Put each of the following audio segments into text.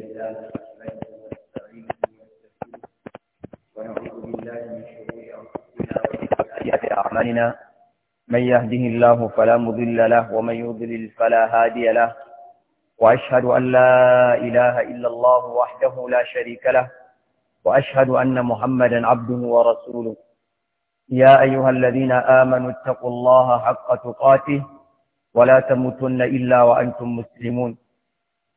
لله ونعوذ بالله من شرور اعمالنا من يهده الله فلا مضل له ومن يضلل فلا هادي له واشهد ان لا اله الا الله وحده لا شريك له واشهد ان محمدا عبده ورسوله يا ايها الذين امنوا اتقوا الله حق تقاته ولا تموتن الا وانتم مسلمون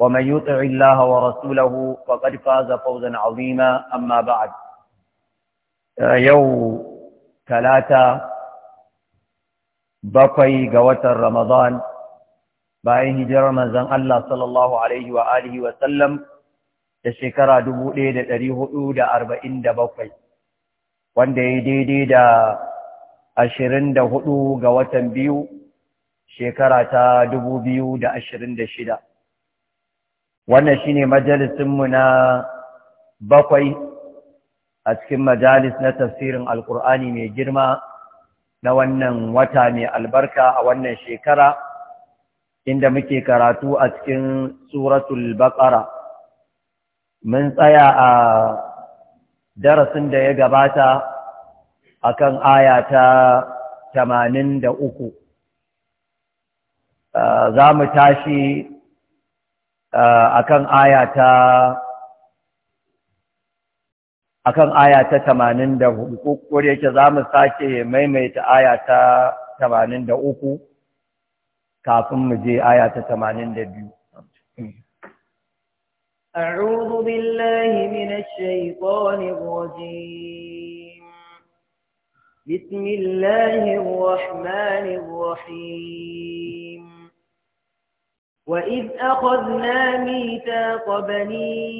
ومن يطع الله ورسوله فقد فاز فوزا عظيما أما بعد bakwai ga بقي قوة رمضان bayan hijirar manzon Allah sallallahu alaihi wa da wa sallam da shekara 1447 wanda ya daidai da 24 ga watan biyu shekara ta shida. wannan shine majalisinmu na bakwai a cikin majalis na tafsirin Alƙur'ani mai girma na wannan wata mai albarka a wannan shekara inda muke karatu a cikin suratul baqara mun tsaya a darasin da ya gabata akan aya ta 83 za mu tashi akan aya ta akan aya ta 84 kokore yake zamu sake maimaita aya ta 83 kafin mu je aya ta 82 أعوذ بالله من الشيطان الرجيم بسم الله الرحمن الرحيم وإذ أخذنا ميثاق بني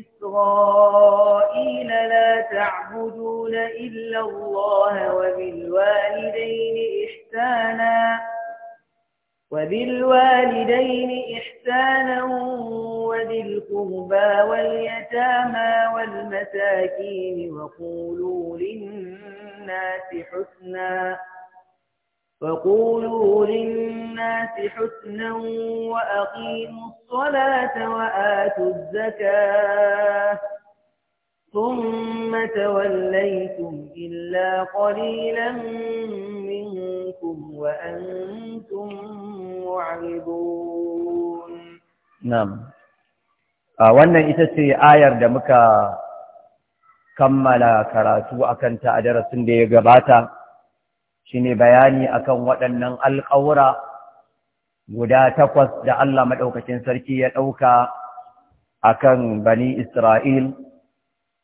إسرائيل لا تعبدون إلا الله وبالوالدين إحسانا وبالوالدين إحسانا وذي القربى واليتامى والمساكين وقولوا للناس حسناً وقولوا للناس حسنا وأقيموا الصلاة وآتوا الزكاة ثم توليتم إلا قليلا منكم وأنتم معرضون نعم آه، وانا إذا سي آير da كما لا karatu akan ta a darasin shine bayani akan waɗannan alƙawura guda takwas da Allah maɗaukacin sarki ya ɗauka akan bani Isra'il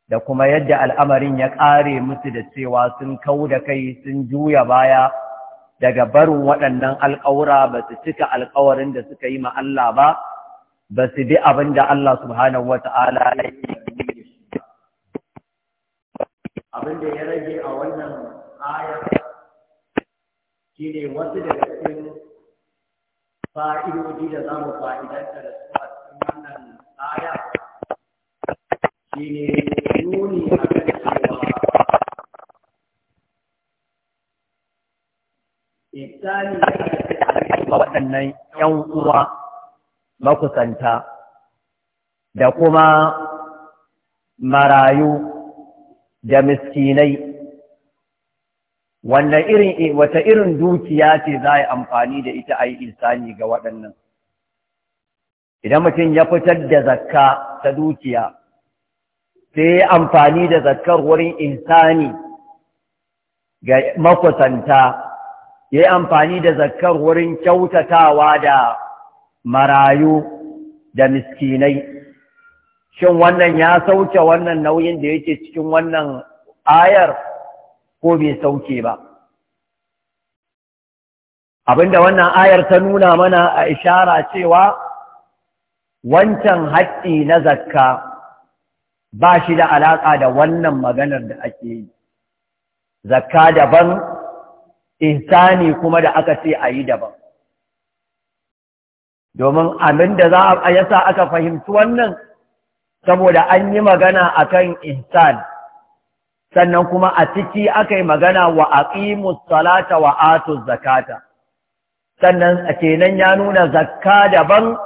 da kuma yadda al'amarin ya ƙare musu da cewa sun kau da kai sun juya baya daga barin waɗannan alƙawura ba su cika alƙawarin da suka yi ma Allah ba, ba su bi abin da Allah subhanahu wa ta'ala ya yi abin da ya rage a wannan ayar shi ne wasu da cikin fa'idodi da za mu fa'idanta da su a cikin wannan tsaya shi ne nuni a kan cewa Isani da waɗannan ‘yan uwa makusanta da kuma marayu da miskinai wanda irin eh, wata irin dukiya ce za a yi amfani da ita a yi insani ga waɗannan idan mutum ya fitar da zakka ta dukiya sai ya amfani da zakkar wurin insani ga makusanta ya yi amfani da zakkar wurin kyautatawa da marayu da miskinai shin wannan ya sauke wannan nauyin da yake cikin wannan ayar ko bai sauke ba abinda wannan ayar ta nuna mana a ishara cewa wancan haƙƙi na zakka ba shi da alaƙa da wannan maganar da ake yi zakka daban insani kuma da aka ce a yi daban domin abinda za a yasa aka fahimci wannan saboda an yi magana a kan ihsan sannan kuma a ciki aka magana wa aqimus salata wa atuz zakata sannan a kenan ya nuna zakka daban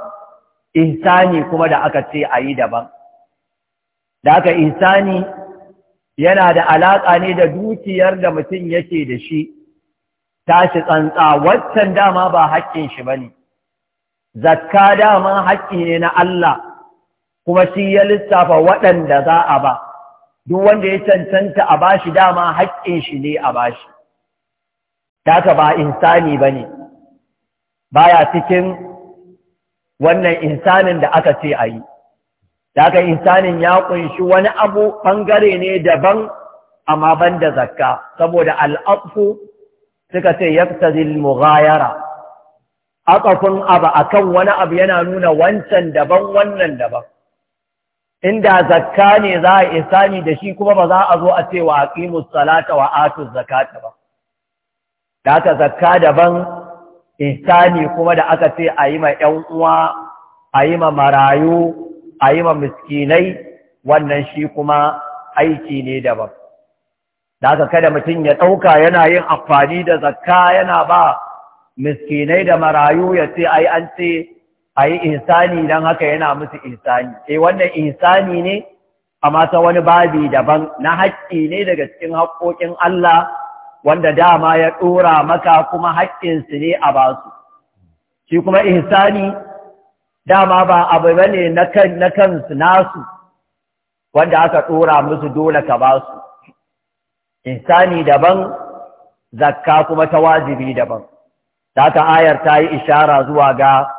insani kuma da aka ce ayi daban da aka insani yana da alaƙa ne da dukiyar da mutum yake da shi tashi tsantsa waccan dama ba haƙƙin shi bane zakka dama haƙƙi ne na Allah kuma shi ya lissafa waɗanda za a ba duk wanda ya cancanta a bashi dama haƙƙin shi ne a bashi taka ba insani bane baya cikin wannan insanin da aka ce a yi taka insanin ya kunshi wani abu bangare ne daban amma ban da zakka saboda al'afu suka ce yaktazil mughayara aqafun abu akan wani abu yana nuna wancan daban wannan daban inda zakka ne za a isani da shi kuma ba za a zo a ce wa aqimus salata wa atuz zakata ba da aka zakka daban isani kuma da aka ce a yi ma ƴan uwa a yi ma marayu a yi ma miskinai wannan shi kuma aiki ne daban da aka kada mutum ya ɗauka yana yin amfani da zakka yana ba miskinai da marayu ya ce ai an ce a yi insani don haka yana musu insani eh wannan insani ne amma ta wani babi daban na haƙƙi ne daga cikin haƙƙoƙin Allah wanda dama ya ɗora maka kuma haƙƙinsu ne a basu shi kuma insani dama ba abu bane na kansu nasu wanda aka ɗora musu dole ka basu insani daban zakka kuma ta wajibi daban ta ayar ta yi ishara zuwa ga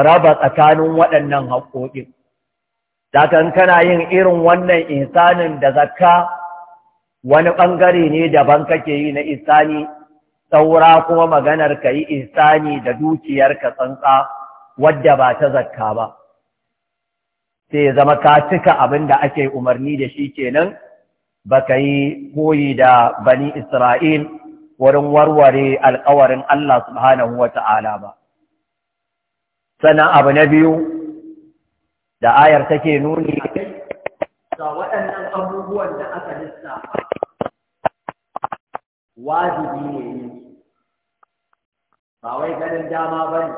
raba tsakanin waɗannan haƙoƙin. Zakan kana yin irin wannan insanin da zakka wani ɓangare ne daban kake yi na isani, saura kuma maganar ka yi isani da dukiyarka tsantsa wadda ba ta zakka ba. Sai zama ka cika abin da ake umarni da shi kenan, ba ka yi koyi da bani Isra'il wurin warware alkawarin Allah subhanahu wa ta'ala ba. sannan abu na biyu da ayar take nuni ga waɗannan abubuwan da aka lissa wajibi ne ba wai ganin dama ba ne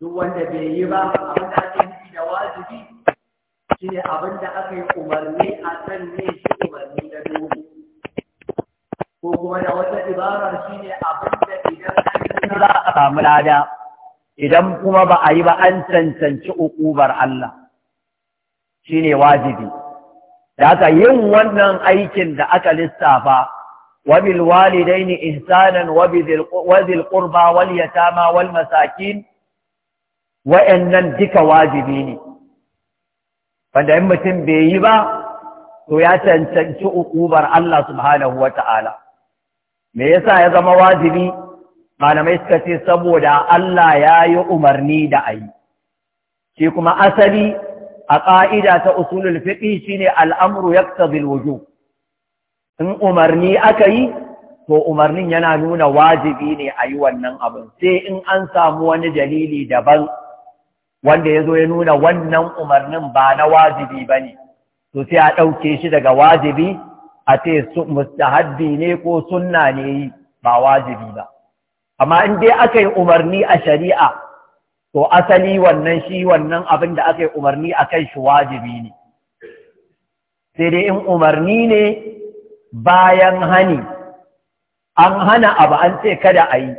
duk wanda bai yi ba abin da ake nufi da wajibi shi ne abin da aka yi umarni a kan ne shi umarni da dole ko kuma da wata ibarar shi ne abin da idan an za a samu lada idan kuma ba a yi ba an cancanci uƙubar Allah shi ne wajibi da aka yin wannan aikin da aka lissafa wabil walidaini ihsanan wabil qurba wal yatama wal masakin wa'annan duka wajibi ne wanda in mutum bai yi ba to ya cancanci uƙubar Allah subhanahu ta'ala. me yasa ya zama wajibi malamai suka ce saboda Allah ya yi umarni da a yi shi kuma asali a ƙa'ida ta usulul fiɗi shi ne al'amuru ya wujo in umarni aka yi to umarnin yana nuna wajibi ne a yi wannan abin sai in an samu wani dalili daban wanda ya zo ya nuna wannan umarnin ba na wajibi ba ne to sai a ɗauke shi daga wajibi a ce Mustahaddi ne ko sunna ne ba wajibi ba amma in dai aka yi umarni a shari'a to asali wannan shi wannan abin da aka yi umarni a kan shi wajibi ne sai dai in umarni ne bayan hani an hana abu an ce kada a yi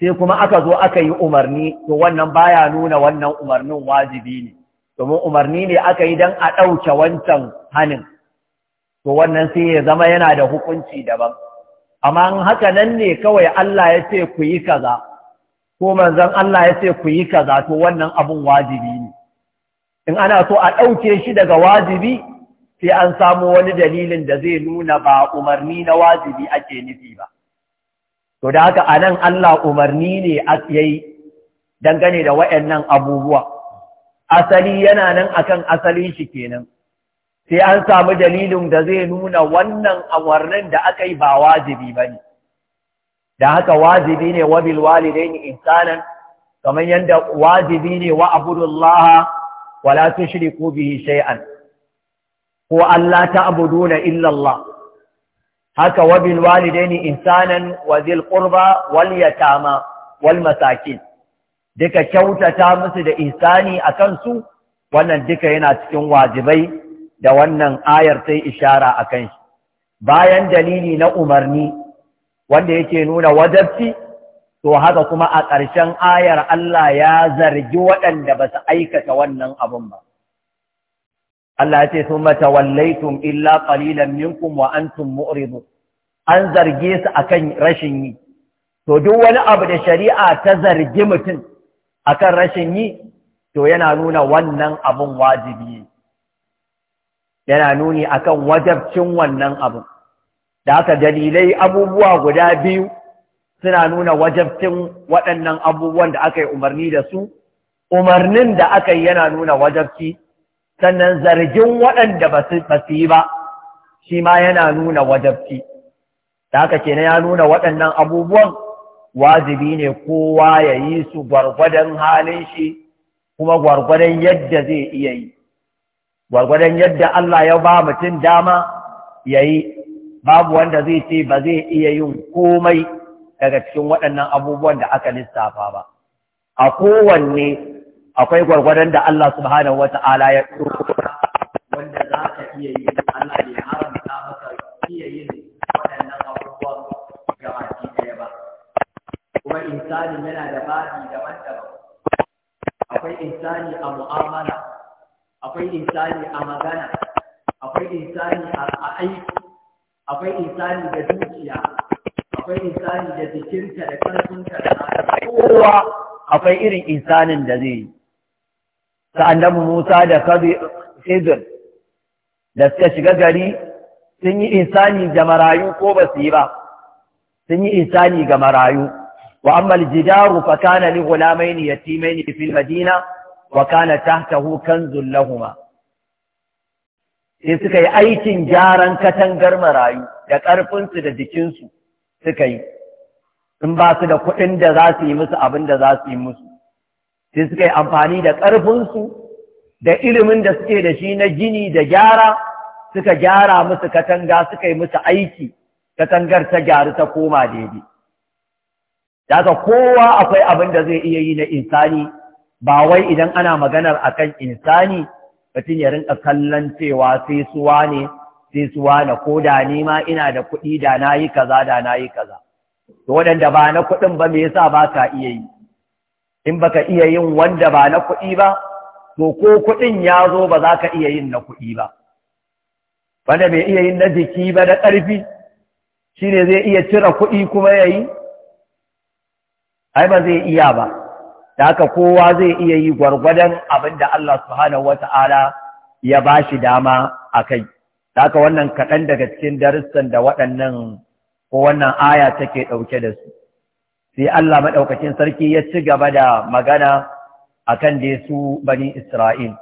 sai kuma aka zo aka yi umarni to wannan baya nuna wannan umarnin wajibi ne domin umarni ne aka yi don a ɗauke wancan hanin to wannan sai ya zama yana da hukunci daban amma haka nan ne kawai Allah ya ce ku yi kaza ko manzon Allah ya ce ku yi kaza to wannan abun wajibi ne in ana so a ɗauke shi daga wajibi sai an samu wani dalilin da zai nuna ba umarni na wajibi ake nufi ba to da haka anan Allah umarni ne yayi dangane da wayannan abubuwa asali yana nan akan asalin shi kenan sai an samu dalilin da zai nuna wannan awarnin da aka yi ba wajibi ba ne da haka wajibi ne wa bilwalidai ne insanan kamar yadda wajibi ne wa abudullaha wala ko bihi shay'an ko Allah ta'buduna na illallah. haka wa bilwalidai ne insanan wa zil qurba wal yatama wal masakin duka kyautata musu da insani a kansu, wannan duka yana cikin wajibai da wannan ayar sai ishara a kan shi bayan dalili na umarni wanda yake nuna wajabci to haka kuma a ƙarshen ayar Allah ya zargi waɗanda ba su aikata wannan abin ba Allah ya ce sun mata wallaitun illa ƙalilan minkum wa antum mu'ridu an zarge su akan rashin yi to duk wani abu da shari'a ta zargi mutum akan rashin yi to yana nuna wannan abun wajibi yana nuni akan wajabcin wannan abu da haka dalilai abubuwa guda biyu suna nuna wajabcin waɗannan abubuwan da aka yi umarni da su umarnin da aka yi yana nuna wajabci sannan zargin waɗanda ba su yi ba shi ma yana nuna wajabci da haka kenan ya nuna waɗannan abubuwan wajibi ne kowa ya yi su gwargwadon halin shi kuma gwargwadon yadda zai iya yi gwargwadon yadda Allah ya ba mutum dama ya yi babu wanda zai ce ba zai iya yin komai daga cikin waɗannan abubuwan da aka lissafa ba a kowanne akwai gwargwadon da Allah subhanahu Ta'ala ya tsoro wanda za ka iya yi Allah ne haramta maka iya yin waɗannan abubuwan ga baki ɗaya ba kuma insani yana da babi daban-daban akwai insani a mu'amala akwai insani a magana akwai insani a aiki akwai insani da dukiya akwai insani da jikinta da karfinta da kowa akwai irin insanin da zai yi ta annabi Musa da Khidir da suka shiga gari sun yi insani da marayu ko ba su yi ba sun yi insani ga marayu wa amma jidaru fa kana li ghulamaini yatimaini fil madina wa kana tahtahu kanzul lahuma sai suka yi aikin gyaran katangar marayu da ƙarfinsu da jikinsu suka yi in ba su da kuɗin da za su yi musu abin da za su yi musu sai suka yi amfani da ƙarfinsu da ilimin da suke da shi na gini da gyara suka gyara musu katanga suka yi musu aiki katangar ta gyaru ta koma daidai daga kowa akwai abin da zai iya yi na insani ba wai idan ana maganar akan insani mutum ya rinka kallon cewa sai suwa ne sai suwa na ko da ni ma ina da kuɗi da na yi kaza da na yi kaza to waɗanda ba na kuɗin ba me yasa ba ka iya yi in baka iya yin wanda ba na kuɗi ba to ko kuɗin ya zo ba za ka iya yin na kuɗi ba wanda bai iya yin na jiki ba da ƙarfi shi ne zai iya cire kuɗi kuma ya yi ai ba zai iya ba da haka kowa zai iya yi gwargwadon abin da Allah subhanahu wata'ala ya ba shi dama a kai da haka wannan kaɗan daga cikin darussan da waɗannan ko wannan aya take ɗauke da su sai Allah maɗaukacin sarki ya ci gaba da magana akan da su bani Isra'il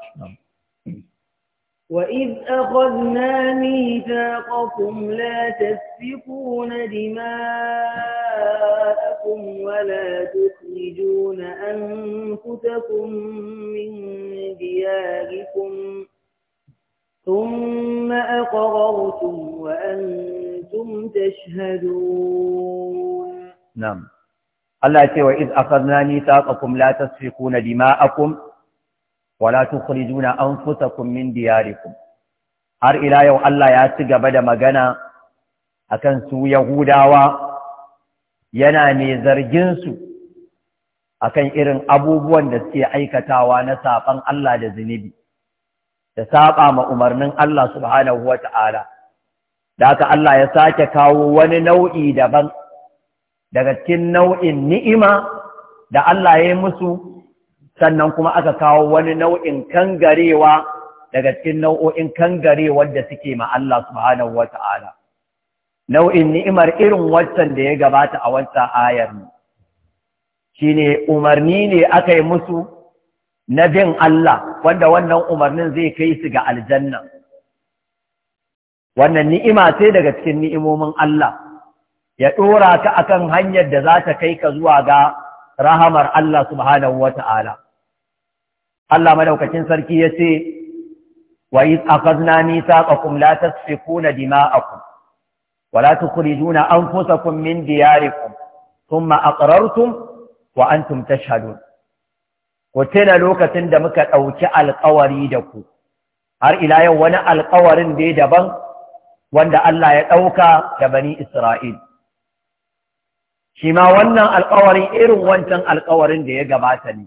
وَإِذْ أَخَذْنَا مِيثَاقَكُمْ لَا تَسْفِكُونَ دِمَاءَكُمْ وَلَا تُخْرِجُونَ أَنفُسَكُم مِّن دِيَارِكُمْ ثُمَّ أَقْرَرْتُمْ وَأَنتُمْ تَشْهَدُونَ نعم الله يقول وإذ أخذنا ميثاقكم لا تسفكون دماءكم wala tukhrijuna anfusakum min diyarikum har ila yau Allah ya ci gaba da magana akan su Yahudawa yana ne zargin su akan irin abubuwan da suke aikatawa na saban Allah da zunubi da saba ma umarnin Allah subhanahu wata'ala da haka Allah ya sake kawo wani nau'i daban daga cikin nau'in ni'ima da Allah ya yi musu sannan kuma aka kawo wani nau'in kangarewa daga cikin nau'o'in kangarewar da suke ma Allah subhanahu ta'ala. nau'in ni'imar irin waccan da ya gabata a wancan ayar ne. shine umarni ne aka yi musu na bin Allah wanda wannan umarnin zai kai su ga aljanna wannan ni'ima sai daga cikin ni'imomin Allah ya ɗora ka akan hanyar da za ta kai ka zuwa ga rahamar Allah subhanahu wa ta'ala. Allah madaukakin sarki ya ce wa nisa akhadna mithaqakum la tasfikuna dima'akum wa an tukhrijuna kun min diyarikum thumma aqrartum wa antum tashhadun ku tuna lokacin da muka ɗauki alƙawari da ku har ila yau wani alƙawarin dai daban wanda Allah ya ɗauka da bani Isra'il shi ma wannan alƙawarin irin wancan alƙawarin da ya gabata ne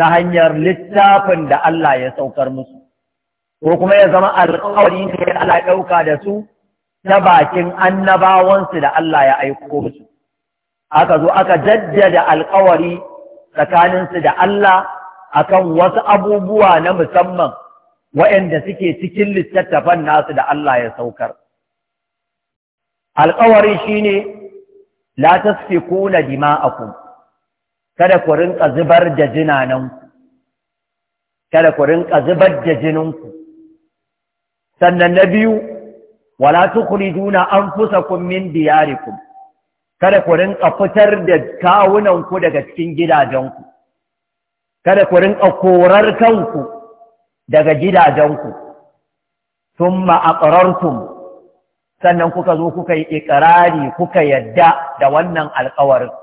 ta hanyar littafin da Allah ya saukar musu ko kuma ya zama alƙawari ne da Allah ya ɗauka da su ta bakin annabawansu da Allah ya aiko musu aka zo aka jaddada alƙawari tsakaninsu da Allah akan wasu abubuwa na musamman waɗanda suke cikin littattafan nasu da Allah ya saukar alƙawari shine la tasfikuna dima'akum kada ku rinka zubar da jinananku kada ku rinka zubar da jininku sannan na biyu wala tukhrijuna anfusakum min diyarikum kada ku rinka fitar da kawunanku daga cikin gidajenku kada ku rinka korar kanku daga gidajenku thumma aqrartum sannan kuka zo kuka yi ikirari kuka yadda da wannan alƙawarin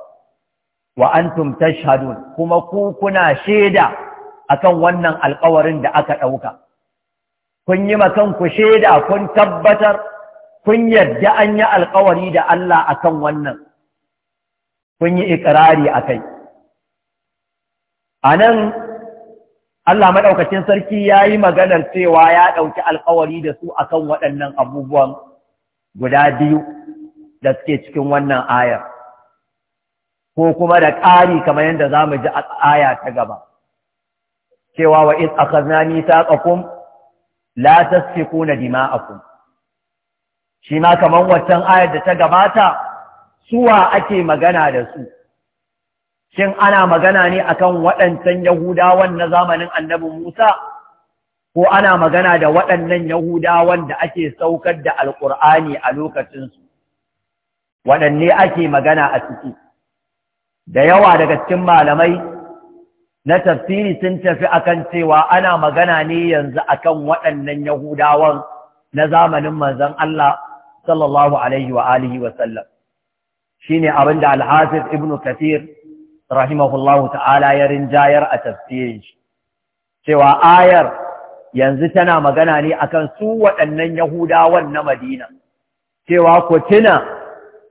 wa antum tashhadun kuma ku kuna shaida akan wannan alƙawarin da aka ɗauka kun yi makan ku shaida kun tabbatar kun yarda an yi alƙawari da Allah akan wannan kun yi kai? akai anan Allah maɗaukacin sarki yayi maganar cewa ya ɗauki alƙawari da su akan waɗannan abubuwan guda biyu da suke cikin wannan ayar ko kuma da ƙari kamar yadda za mu ji a aya ta gaba cewa wa iz akhadna mithaqakum la tasfikuna dima'akum shi ma kamar waccan ayar da ta gabata suwa ake magana da su shin ana magana ne akan waɗancan yahudawan na zamanin annabi Musa ko ana magana da waɗannan yahudawan da ake saukar da alƙur'ani a lokacinsu waɗanne ake magana a ciki da yawa daga cikin malamai na tafsiri sun tafi akan cewa ana magana ne yanzu akan waɗannan yahudawan na zamanin manzon Allah sallallahu alaihi wa alihi wa sallam shine abin da al-Hafiz Ibn Kathir rahimahullahu ta'ala ya rinjayar a tafsirin shi cewa ayar yanzu tana magana ne akan su waɗannan yahudawan na Madina cewa ku tuna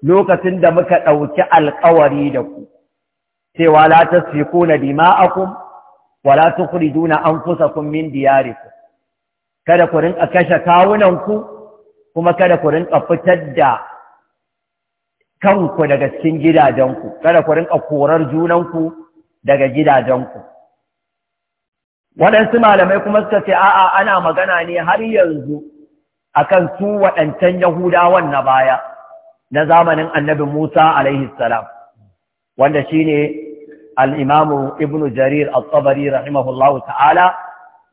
lokacin da muka ɗauki alƙawari da ku cewa la tasfikuna dima'akum wa la tukhrijuna anfusakum min diyarikum kada ku rinka kashe kawunanku kuma kada ku rinka fitar da kanku daga cikin gidajenku kada ku rinka korar junanku daga gidajenku waɗansu malamai kuma suka ce a'a ana magana ne har yanzu akan su waɗancan yahudawan na baya na zamanin annabi Musa alaihi salam wanda shine al'imamu ibn jarir al-tabari rahimahullahu ta'ala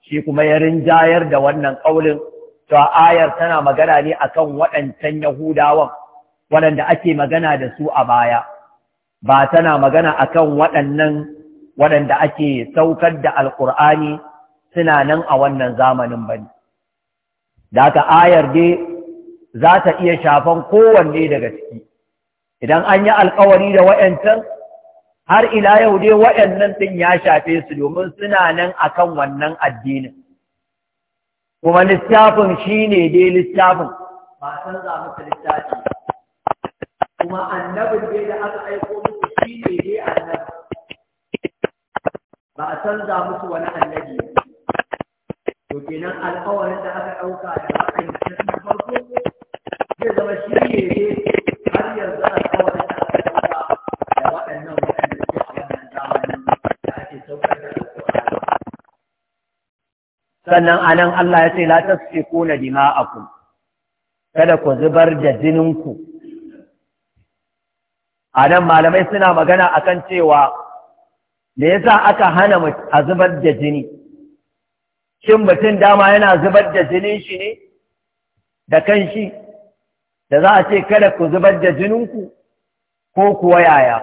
shi kuma ya rinjayar da wannan ƙaunin cewa ayar tana magana ne akan waɗancan yahudawan waɗanda ake magana da su a baya ba tana magana akan waɗannan waɗanda ake saukar da alƙur'ani suna nan a wannan zamanin ba ne da aka ayar dai za ta iya shafan kowanne daga ciki idan an yi alƙawari da waɗancan har ila yau dai waɗannan ɗin ya shafe su domin suna nan akan wannan addinin kuma lissafin shi ne dai lissafin, ba san za musu lissafi. kuma annabin dai da aka aiko musu shi ne dai annabi ba a za musu wani annabi to kenan alƙawarin da aka ɗauka da aka yi farko zai zama shi ne dai sannan anan Allah ya ce la tasfikuna dima'akum kada ku zubar da jininku anan malamai suna magana akan cewa me yasa aka hana a zubar da jini shin mutum dama yana zubar da jinin shi ne da kanshi da za a ce kada ku zubar da jininku ko kuwa yaya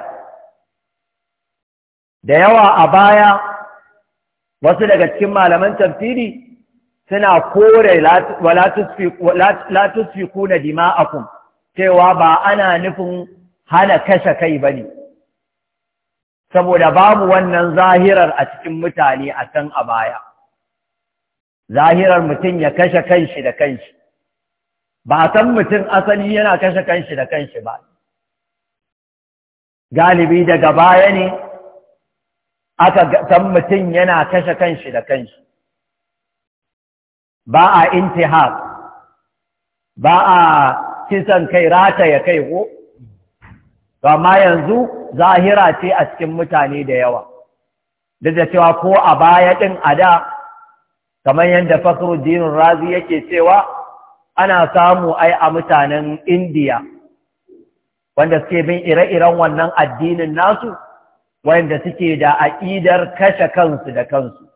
da yawa a baya wasu daga cikin malaman tafsiri suna kore la tusfiku na dima'akum cewa ba ana nufin hana kashe kai ba ne saboda babu wannan zahirar a cikin mutane a can a baya zahirar mutum ya kashe kanshi da kanshi ba san mutum asali yana kashe kanshi da kanshi ba galibi daga baya ne aka san mutum yana kashe kanshi da kanshi ba a intihar ba a kisan kai rata ya kai ko amma yanzu zahira ce a cikin mutane da yawa duk da cewa ko a baya ɗin a da kamar yadda fakhruddin razi yake cewa ana samu ai a mutanen indiya wanda suke bin ire-iren wannan addinin nasu wanda suke da aƙidar kashe kansu da kansu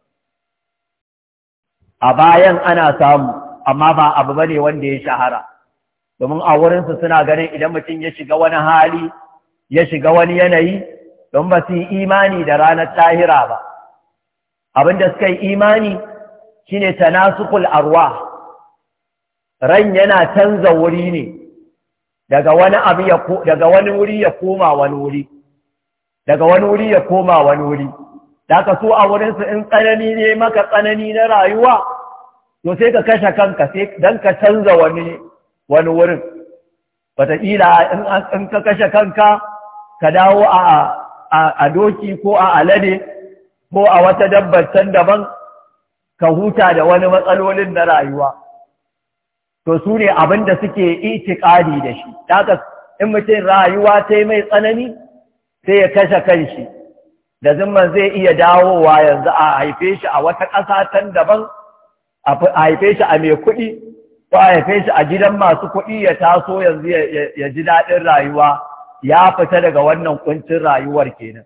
a bayan ana samu amma ba abu bane wanda ya shahara domin a wurinsu suna ganin idan mutum ya shiga wani hali ya shiga wani yanayi don ba su yi imani da ranar tahira ba abinda suka yi imani shine tanasukul arwa ran yana canza wuri ne daga wani wuri ya koma wani wuri daga wani wuri ya koma wani wuri da ka so a wurinsu in tsanani ne maka tsanani na rayuwa to sai ka kashe kanka sai don ka canza wani wani wurin wataƙila in ka kashe kanka ka dawo a doki ko a alade ko a wata dabbar can daban ka huta da wani matsalolin na rayuwa to su ne abin da suke itikadi da shi ka in mutum rayuwa ta mai tsanani sai ya kashe kanshi da zimman zai iya dawowa yanzu a haife shi a wata ƙasa tan daban a haife shi a mai kuɗi ko a haife shi a gidan masu kuɗi ya taso yanzu ya ji daɗin rayuwa ya fita daga wannan kuncin rayuwar kenan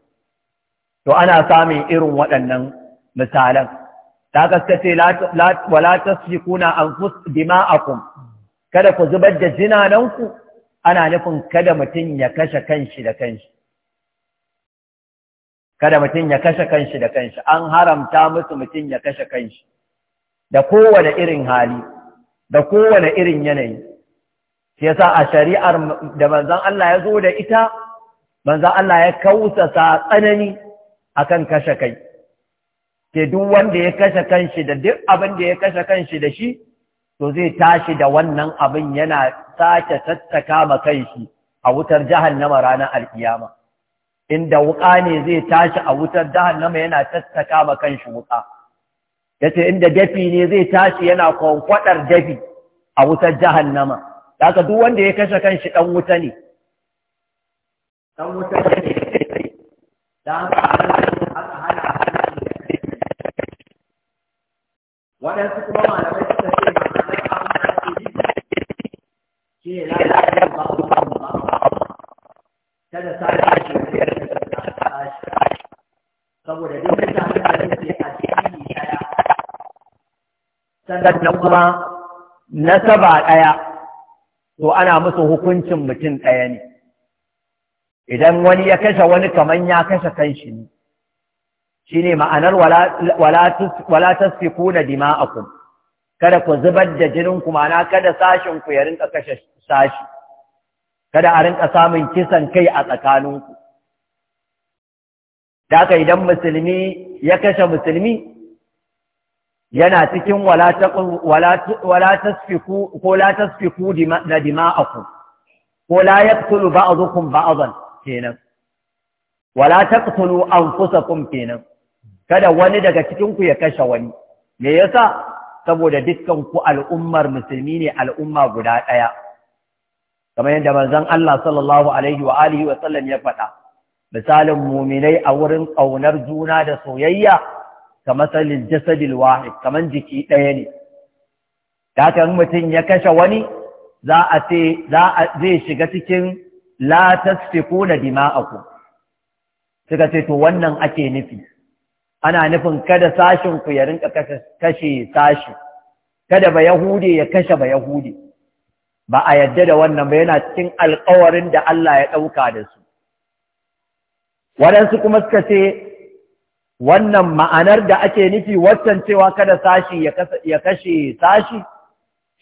to ana samun irin waɗannan misalan ta kaskace wala kuna dima a dima'akum kada ku zubar da jinananku ana nufin kada mutum ya kashe kanshi da kanshi kada mutum ya kashe kanshi da kanshi an haramta musu mutum ya kashe kanshi da kowane irin hali da kowane irin yanayi shi yasa a shari'ar da manzon Allah ya zo da ita manzon Allah ya kausa sa tsanani akan kashe kai ke duk wanda ya kashe kanshi da duk abin da ya kashe kanshi da shi to zai tashi da wannan abin yana sake tattaka ma kanshi a wutar jahannama ranar alkiyama inda wuƙa ne zai tashi a wutar jahannama yana tattaka ma kanshi wuƙa yace inda dafi ne zai tashi yana kwankwadar dafi a wutar jahannama haka duk wanda ya kashe kanshi dan wuta ne dan wuta ne dan haka hana waɗansu kuma malamai suka ce ma'anar abin da ake yi shi ne na ba kada ta tashi saboda duk da mutane ke a cikin daya sannan kuma na saba ɗaya to ana musu hukuncin mutum ɗaya ne idan wani ya kashe wani kamar ya kashe kanshi ne shine ma'anar wala na dima'akum kada ku zubar da jinin ku ma'ana kada sashinku ya rinka kashe sashi kada a rinka samun kisan kai a tsakaninku da aka idan musulmi ya kashe musulmi yana cikin wala tasfiku ko la tasfiku da dima'akum ko la yaqtulu ba'dukum ba'dan kenan wala ta kusa anfusakum kenan kada wani daga cikin ku ya kashe wani me yasa saboda dukkan ku al'ummar musulmi ne al'umma guda ɗaya kamar yadda manzon Allah sallallahu alaihi wa alihi wa sallam ya faɗa misalin muminai a wurin ƙaunar juna da soyayya ka salil jasadil wahid kamar jiki ɗaya ne da haka mutum ya kashe wani za a ce zai shiga cikin la tasfikuna dima'akum suka ce to wannan ake nufi ana nufin kada sashin ku ya rinka kashe sashi kada ba yahude ya kashe ba yahude ba a yadda da wannan ba yana cikin alkawarin da Allah ya ɗauka da su. Waɗansu kuma suka ce, wannan ma'anar da ake nufi waccan cewa kada sashi ya kashe sashi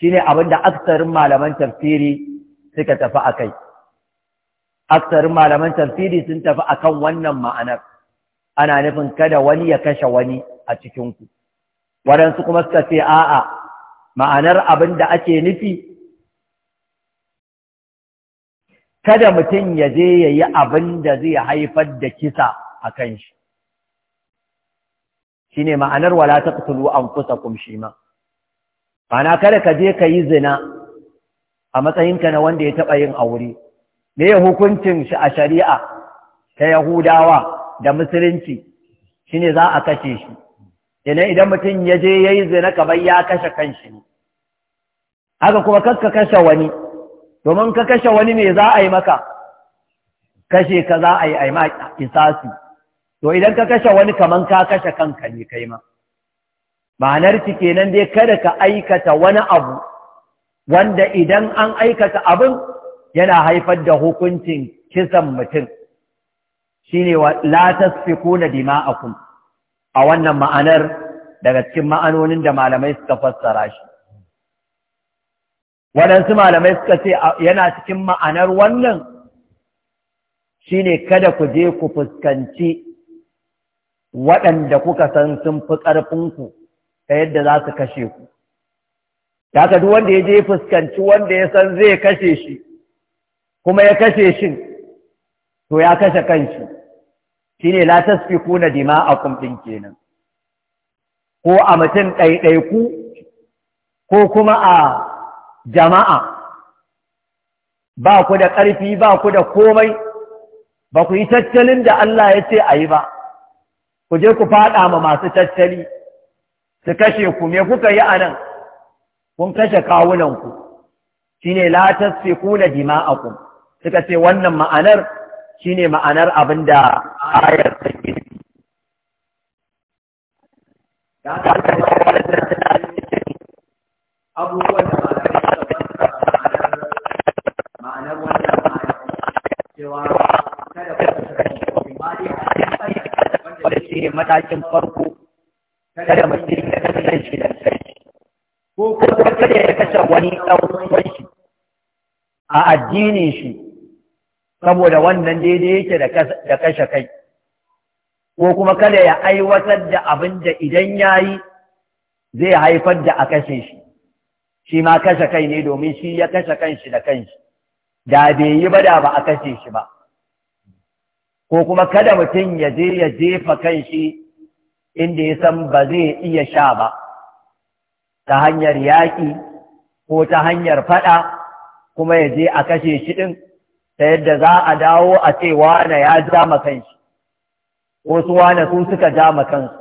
shi ne abin da aksarin malaman tafsiri suka tafi a kai. Aksarin malaman tafsiri sun tafi a kan wannan ma'anar, ana nufin kada wani ya kashe wani a cikinku. Waɗansu kuma suka ce, a'a, ma'anar abin da ake nufi kada mutum ya je ya yi abin da zai haifar da kisa a kan shi shi ne ma'anar wala ta kutulu an kusa kumshi ma Bana kada ka je ka yi zina a matsayinka na wanda ya taɓa yin aure me ya hukuncin shi a shari'a ta yahudawa da musulunci shi ne za a kashe shi idan mutum ya je ya yi zina kamar ya kashe kanshi ne haka kuma kakka kashe wani domin ka kashe wani me za a yi maka kashe ka za a yi a kisasi to idan ka kashe wani kaman ka kashe kanka ne kai ma ma'anar ki kenan dai kada ka aikata wani abu wanda idan an aikata abin yana haifar da hukuncin kisan mutum shine wa la tasfikuna dima'akum a wannan ma'anar daga cikin ma'anonin da malamai suka fassara shi waɗansu malamai suka ce yana cikin ma'anar wannan shi ne kada ku je ku fuskanci waɗanda kuka san sun fi ƙarfinku ta yadda za su kashe ku. ka duk wanda ya je fuskanci wanda ya san zai kashe shi, kuma ya kashe shi, to ya kashe kanshi, shi ne la tasfiku na dima a kumɗin kenan. Ko a mutum ɗaiɗaiku, ko kuma a jama'a ba ku da ƙarfi ba ku da komai ba ku yi tattalin da Allah ya ce a yi ba ku je ku faɗa ma masu tattali su kashe ku me kuka yi a nan kun kashe kawunanku shi ne latas fi kuna dima'akum suka ce wannan ma'anar shi ne ma'anar abin da ayar take abubuwan da cewa kada ku kasance ma dai a cikin wanda shi ne matakin farko kada mutum ya kasance da sai ko kuma kada ya kasance wani ɗaukan shi a addinin shi saboda wannan daidai yake da kashe kai ko kuma kada ya aiwatar da abin da idan yayi zai haifar da a kashe shi shi ma kashe kai ne domin shi ya kashe kanshi da kanshi da bai yi ba da ba a kashe shi ba ko kuma kada mutum ya je ya jefa kanshi, inda ya san ba zai iya sha ba ta hanyar yaƙi ko ta hanyar faɗa kuma ya je a kashe shi ɗin ta yadda za a dawo a ce wane ya ja kan ko su wane su suka ja kansu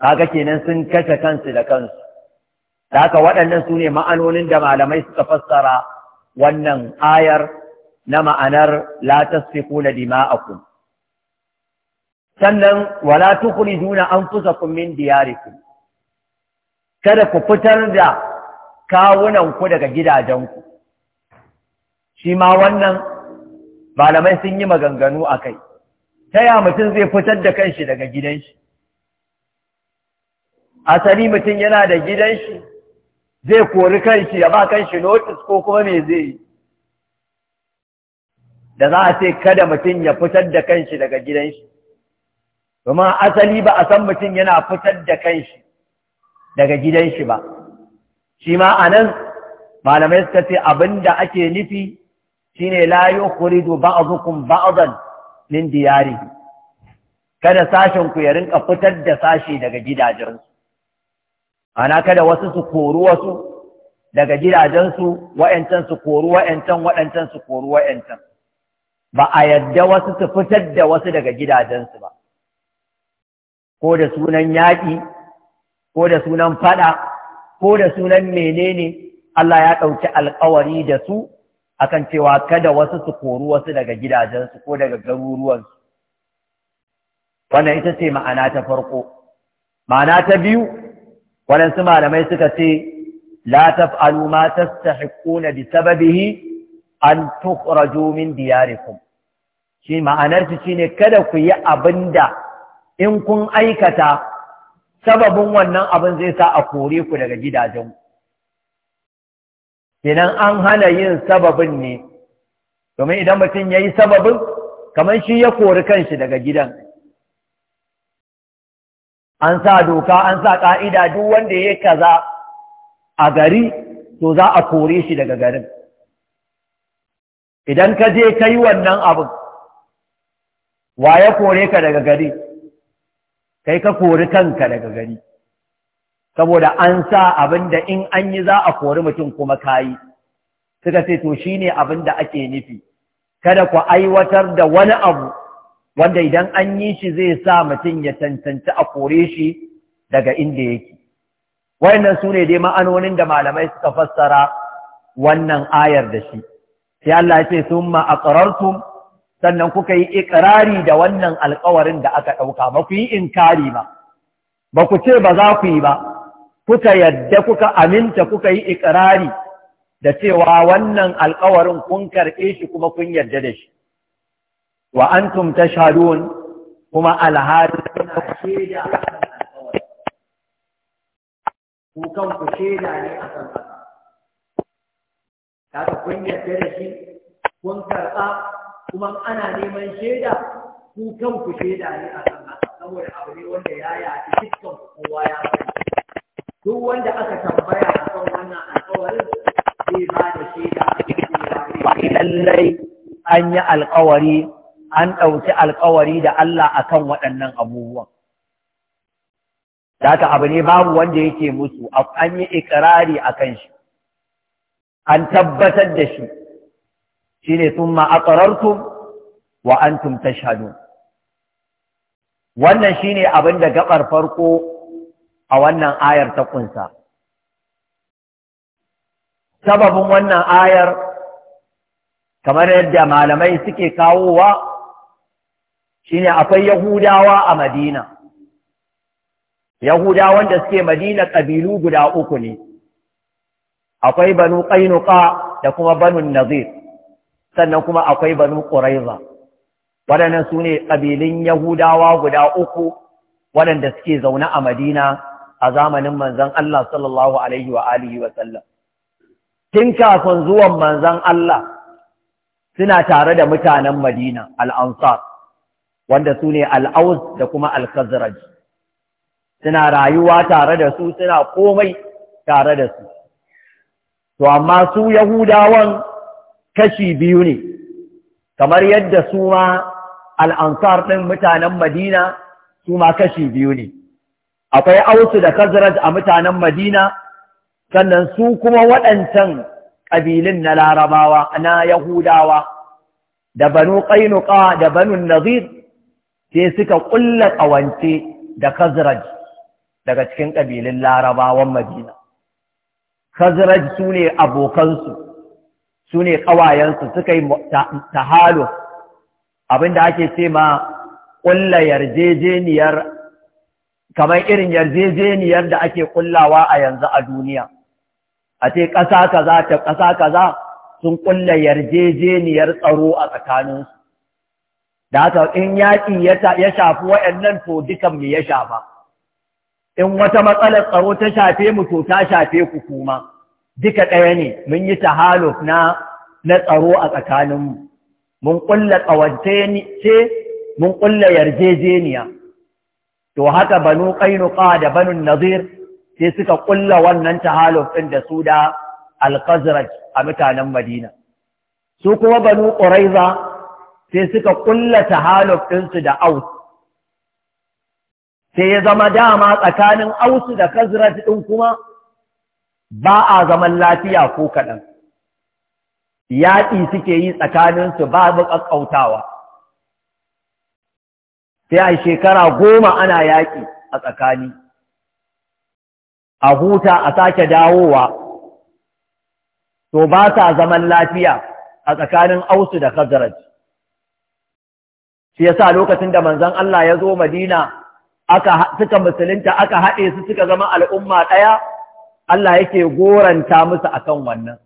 kaga kenan sun kashe kansu da kansu haka waɗannan su ne ma'anonin da malamai suka fassara wannan ayar na ma'anar la tasfiquna dima'akum sannan wala an anfusakum min diyarikum kada ku fitar da kawunanku daga gidajenku shi ma wannan malamai sun yi maganganu akai ta ya mutum zai fitar da kanshi daga gidanshi asali mutum yana da gidanshi zai kori kanshi ya ba kanshi notis ko kuma me zai yi da za a ce kada mutum ya fitar da kanshi daga gidan shi domin asali ba a san mutum yana fitar da kanshi daga gidan shi ba shi ma a nan malamai suka ce abin da ake nufi shine la yukhridu ba'dukum ba'dan min diyari kada sashen ku ya rinka fitar da sashi daga gidajensu ana kada wasu su kori wasu daga gidajensu wa'yancan su kori wa'yancan waɗancan su kori wa'yancan ba a yadda wasu su fitar da wasu daga gidajensu ba ko da sunan yaƙi ko da sunan faɗa ko da sunan menene Allah ya ɗauki alƙawari da su akan cewa kada wasu su kori wasu daga gidajensu ko daga garuruwansu wannan ita ce ma'ana ta farko ma'ana ta biyu waɗansu malamai suka ce la taf'alu ma tastahiquna bi sababihi an tukhraju min diyarikum shi ma'anar shi shine kada ku yi abinda in kun aikata sababin wannan abin zai sa a kore ku daga gidajen kenan an hana yin sababin ne domin idan mutum ya yi sababin kamar shi ya kori kanshi daga gidan an sa doka an sa ƙa'ida duk wanda ya kaza a gari to za a kore shi daga garin idan ka je ka wannan abin wa ya kore ka daga gari kai ka kori kanka daga gari saboda an sa abin in an yi za a kori mutum kuma kayi suka ce to shine abin da ake nufi kada ku aiwatar da wani abu wanda idan an yi shi zai sa mutum ya cancanci a kore shi daga inda yake wayannan su ne dai ma'anonin da malamai suka fassara wannan ayar da shi sai Allah ya ce summa aqrartum sannan kuka yi ikirari da wannan alkawarin da aka ɗauka ba ku yi inkari ba ba ku ce ba za ku yi ba kuka yadda kuka aminta kuka yi ikirari da cewa wannan alkawarin kun karɓe shi kuma kun yarda da shi wa antum tashhadun kuma alhali ku kan ku shaida ne a kan kaga kun yarda da shi kun karɓa kuma ana neman shaida ku kan ku shaida ne a kan saboda abu ne wanda ya yaɗi cikin kowa ya duk wanda aka tambaya a kan wannan alƙawarin zai ba da shaida a cikin lallai an yi alƙawari an ɗauki alkawari da Allah akan waɗannan abubuwan. Daka abu ne babu wanda yake musu, an yi ikirari a kan shi, an tabbatar da shi, shi ne sun ma'aƙararku wa an tumta Wannan shi ne abin da gaɓar farko a wannan ayar ta ƙunsa. Sababin wannan ayar, kamar yadda malamai suke kawowa shine akwai Yahudawa a Madina Yahudawa da suke Madina ƙabilu guda uku ne akwai Banu Qainuqa da kuma Banu Nazir sannan kuma akwai Banu Quraiza waɗannan su ne ƙabilun Yahudawa guda uku waɗanda suke zaune a Madina a zamanin manzon Allah sallallahu alaihi wa alihi wa sallam tun kafin zuwan manzon Allah suna tare da mutanen Madina al-Ansar wanda su ne al'aus da kuma al-khazraj suna rayuwa tare da su suna komai tare da su to amma su yahudawan kashi biyu ne kamar yadda su ma al'ansar ɗin mutanen madina su ma kashi biyu ne akwai ausu da khazraj a mutanen madina sannan su kuma waɗancan ƙabilin na larabawa na yahudawa da banu ƙainuka da banu nazir sai suka ƙulla ƙawance da khazraj daga cikin ƙabilun larabawan madina khazraj su ne abokansu su ne ƙawayensu suka yi tahalo abinda ake ce ma ƙulla yarjejeniyar kamar irin yarjejeniyar da ake ƙullawa a yanzu a duniya a ce ƙasa kaza ta ƙasa kaza sun ƙulla yarjejeniyar tsaro a tsakaninsu da haka in yaƙi ya shafi waɗannan to dukan mu ya shafa in wata matsalar tsaro ta shafe mu to ta shafe ku kuma duka ɗaya ne mun yi tahaluf na na tsaro a tsakaninmu mun ƙulla ƙawance ce mun ƙulla yarjejeniya to haka banu ƙainuka da banu nazir sai suka ƙulla wannan tahaluf ɗin da su da alƙazraj a mutanen madina su kuma banu ƙuraiza sai suka kulla halof ɗinsu da aus sai ya zama dama tsakanin ausu da kazrat ɗin kuma ba a zaman lafiya ko kaɗan yaƙi suke yi tsakaninsu babu ƙaƙƙautawa sai a shekara goma ana yaƙi a tsakani a huta a sake dawowa to ba sa zaman lafiya a tsakanin ausu da khazraj shi yasa lokacin da manzon Allah ya zo Madina aka suka musulunta aka haɗe su suka zama al'umma ɗaya Allah yake goranta musu akan wannan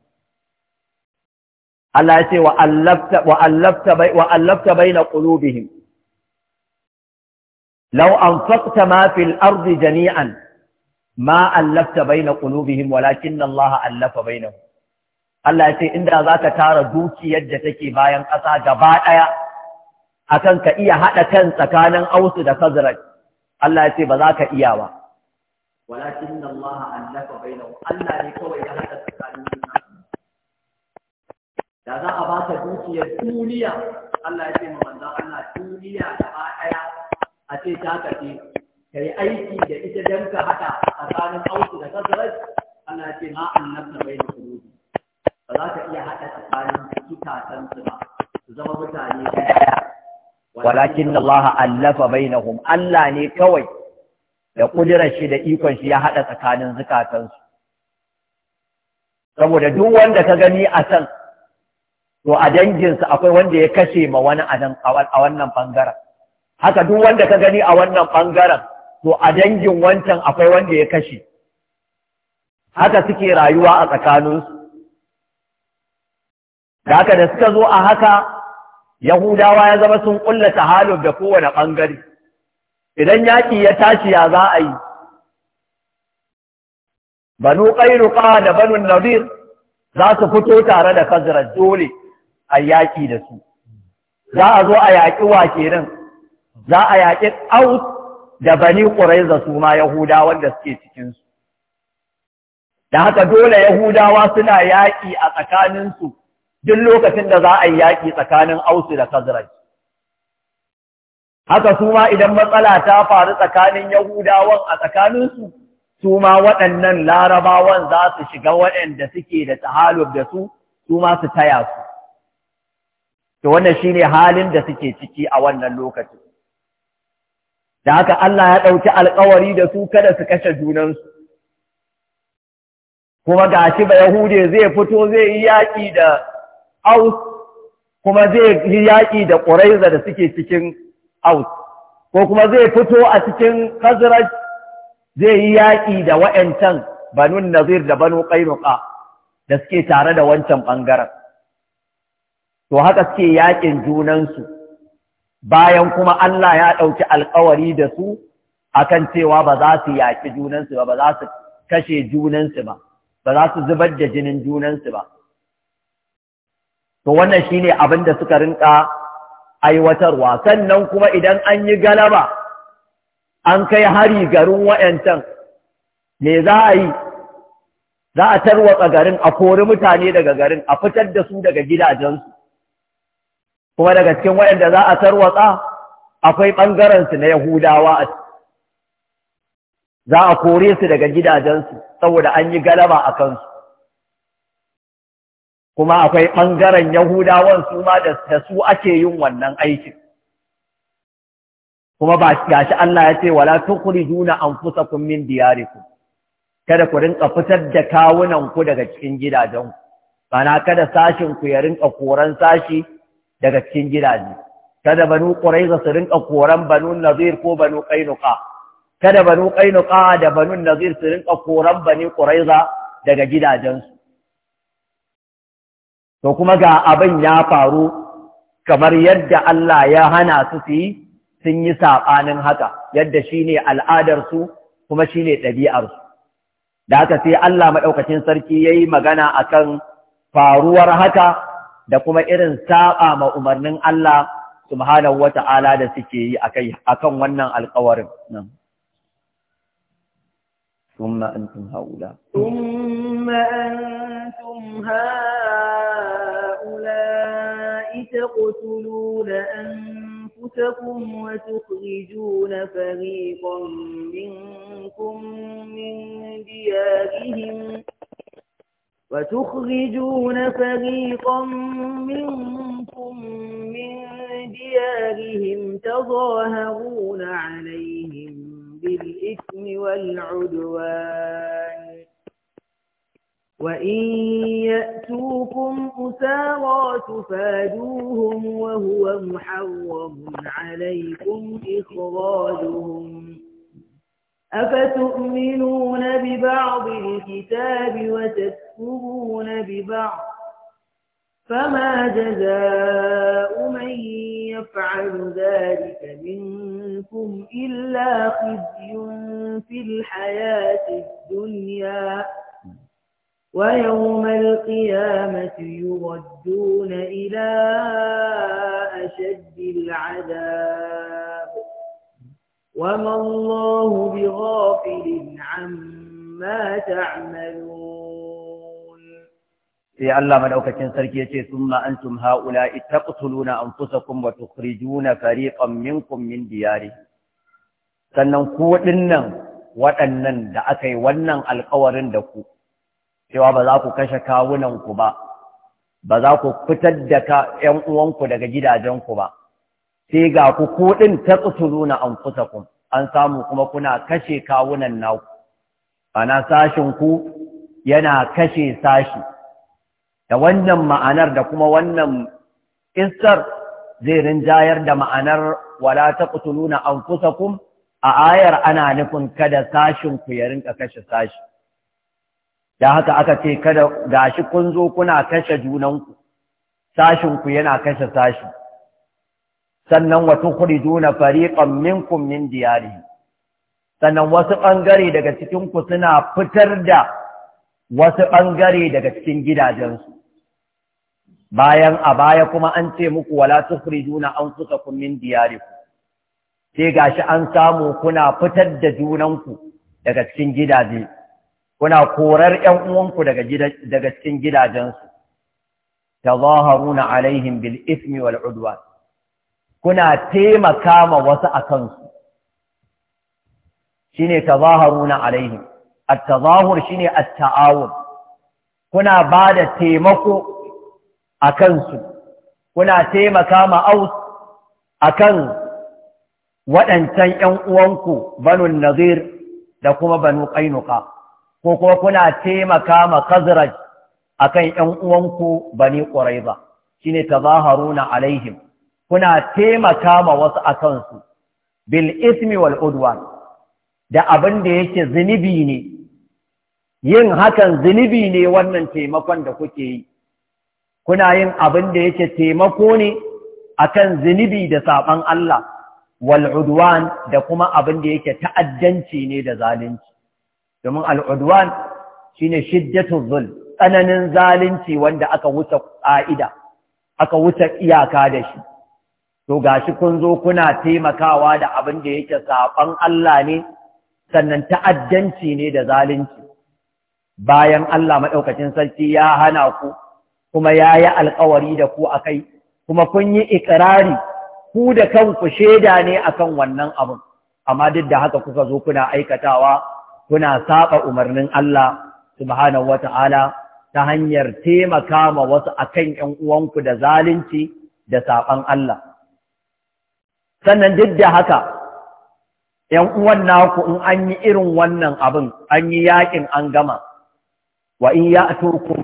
Allah ya ce wa allafta wa allafta bai wa allafta baina qulubihim law anfaqta ma fil ardi jami'an ma allafta baina qulubihim walakinna Allah allafa bainahum Allah ya ce inda zaka tara dukiyar da take bayan ƙasa gaba ɗaya akan ka iya haɗa kan tsakanin ausu da khazraj Allah ya ce ba za ka iya ba walakin Allah allafa bainahu Allah ne kawai ya haɗa tsakanin da za a ba baka dukiyar duniya Allah ya ce ma manzon Allah duniya gaba ɗaya a ce ta kace ka yi aiki da ita dan ka haɗa tsakanin ausu da khazraj Allah ya ce ma allafa bainahu ba za ka iya haɗa tsakanin zukatan su ba su zama mutane ɗaya walakin Allah allafa bainahum Allah ne kawai da kudirar shi da ikon shi ya hada tsakanin su saboda duk wanda ka gani a san to a danginsa akwai wanda ya kashe ma wani a wannan bangaren haka duk wanda ka gani a wannan bangaren to a dangin wancan akwai wanda ya kashe haka suke rayuwa a tsakaninsu da haka da suka zo a haka yahudawa ya zama sun ƙulla tahalub da kowane ɓangare idan yaƙi ya tashi ya za a yi banu ƙairuka da banu nadir za su fito tare da kazirar dole a yaƙi da su za a zo a yaƙi wa nan, za a yaƙi aus da bani Ƙurai ƙuraiza su ma Yahudawa da suke cikinsu da haka dole yahudawa suna yaƙi a tsakaninsu duk lokacin da za a yi yaƙi tsakanin ausu da khazraj haka su ma idan matsala ta faru tsakanin yahudawan a tsakaninsu su ma waɗannan larabawan za su shiga waɗanda suke da tahalub da su su ma su taya su to wannan shine halin da suke ciki a wannan lokacin da haka Allah ya ɗauki alƙawari da su kada su kashe junansu kuma gashi ba Yahude zai fito zai yi yaƙi da aus kuma zai yi yaƙi da ƙuraiza da suke cikin aus ko kuma zai fito a cikin khazraj zai yi yaƙi da wa'ancan banun nazir da banu ƙainuka da suke tare da wancan ɓangaren to haka suke yaƙin junansu bayan kuma Allah ya ɗauki alƙawari da su akan cewa ba za su yaƙi junansu ba ba za su kashe junansu ba ba za su zubar da jinin junansu ba to wannan shine abin da suka rinka aiwatarwa sannan kuma idan an yi galaba an kai hari garin wayancan me za a yi za a tarwatsa garin a kori mutane daga garin a fitar da su daga gidajensu kuma daga cikin wayanda za a tarwatsa akwai ɓangarensu na yahudawa a za a kore su daga gidajensu saboda an yi galaba a kansu kuma akwai ɓangaren yahudawan su ma da su ake yin wannan aikin kuma ba shi Allah ya ce wala juna an anfusakum min diyarikum kada ku rinka fitar da kawunanku daga cikin gidajenku. bana kada sashinku ya rinka koran sashi daga cikin gidaje kada banu za su rinka koran banu nazir ko banu ƙainuka, kada banu ƙainuka da banu nazir su rinka koran bani quraiza daga gidajensu to kuma ga abin ya faru kamar yadda Allah ya hana su su yi sun yi saɓanin haka yadda shi ne al'adarsu kuma shi ne ɗabi'arsu da haka sai Allah maɗaukacin sarki ya yi magana a kan faruwar haka da kuma irin saɓa ma umarnin Allah subhanahu wata'ala da suke yi a kan wannan alƙawarin nan. ثم أنتم هؤلاء ثم تقتلون أنفسكم وتخرجون فريقا منكم من ديارهم وتخرجون فريقا منكم من ديارهم تظاهرون عليهم بالإثم والعدوان وإن يأتوكم أسارى تفادوهم وهو محرم عليكم إخراجهم أفتؤمنون ببعض الكتاب وتكفرون ببعض فما جزاء من يفعل ذلك منكم إلا خزي في الحياة الدنيا ويوم القيامة يردون إلى أشد العذاب وما الله بغافل عما تعملون يا الله من أوكتن سركية ثم أنتم هؤلاء تقتلون أنفسكم وتخرجون فريقا منكم من ديارهم sannan ku waɗannan waɗannan da aka yi wannan alkawarin da ku cewa ba za ku kashe kawunanku ba ba za ku fitar da ka ƴan uwanku daga gidajenku ba sai ga ku kuɗin ta na an ku, an samu kuma kuna kashe kawunan naku ana sashinku yana kashe sashi da wannan ma'anar da kuma wannan isar zai rinjayar da ma'anar wala ta kusa anfusakum a ayar ana nufin kada sashin ku ya rinka kashe sashi da haka aka ce kada gashi kun zo kuna kashe junanku sashinku yana kashe sashi sannan wa tukhrijuna fariqan minkum min diyari sannan wasu bangare daga cikin ku suna fitar da wasu bangare daga cikin gidajensu bayan a baya kuma an ce muku wala tukhrijuna anfusakum min diyarikum sai gashi an samu kuna fitar da junanku daga cikin gidaje kuna korar ‘yan uwanku daga cikin gidajensu, ta zaharuna alaihim bil ismi wal udwan kuna taimaka ma wasu a kansu, shi ne ta zaharuna alaihim, a ta zahur shi ne a ta'awun, kuna ba da taimako a kansu, kuna taimaka ma aus a kan waɗancan ‘yan uwanku banu nazir da kuma banu ƙainuka. ko kuma kuna taimaka ma kazraj akan ƴan uwanku bani quraiza shine tazaharuna alaihim kuna taimaka ma wasu akan su bil ismi wal udwan da abin da yake zunubi ne yin hakan zunubi ne wannan taimakon da kuke yi kuna yin abin da yake taimako ne akan zunubi da saban Allah wal udwan da kuma abin da yake ta'addanci ne da zalunci domin al'udwan shine shiddatun zul tsananin zalunci wanda aka wuce ƙa'ida aka wuce iyaka da shi to ga shi kun zo kuna taimakawa da abin da yake saɓon Allah ne sannan ta'addanci ne da zalunci bayan Allah maɗaukacin sarki ya hana ku kuma ya yi alkawari da ku a kai, kuma kun yi ikirari ku da kanku shaida ne a kan wannan abin amma duk da haka kuka zo kuna aikatawa kuna saba umarnin Allah subhanahu wata'ala ta hanyar taimaka ma wasu akan ƴan uwanku da zalunci da saban Allah sannan duk da haka ƴan uwan naku in an yi irin wannan abin an yi yakin an gama wa in ya'turkum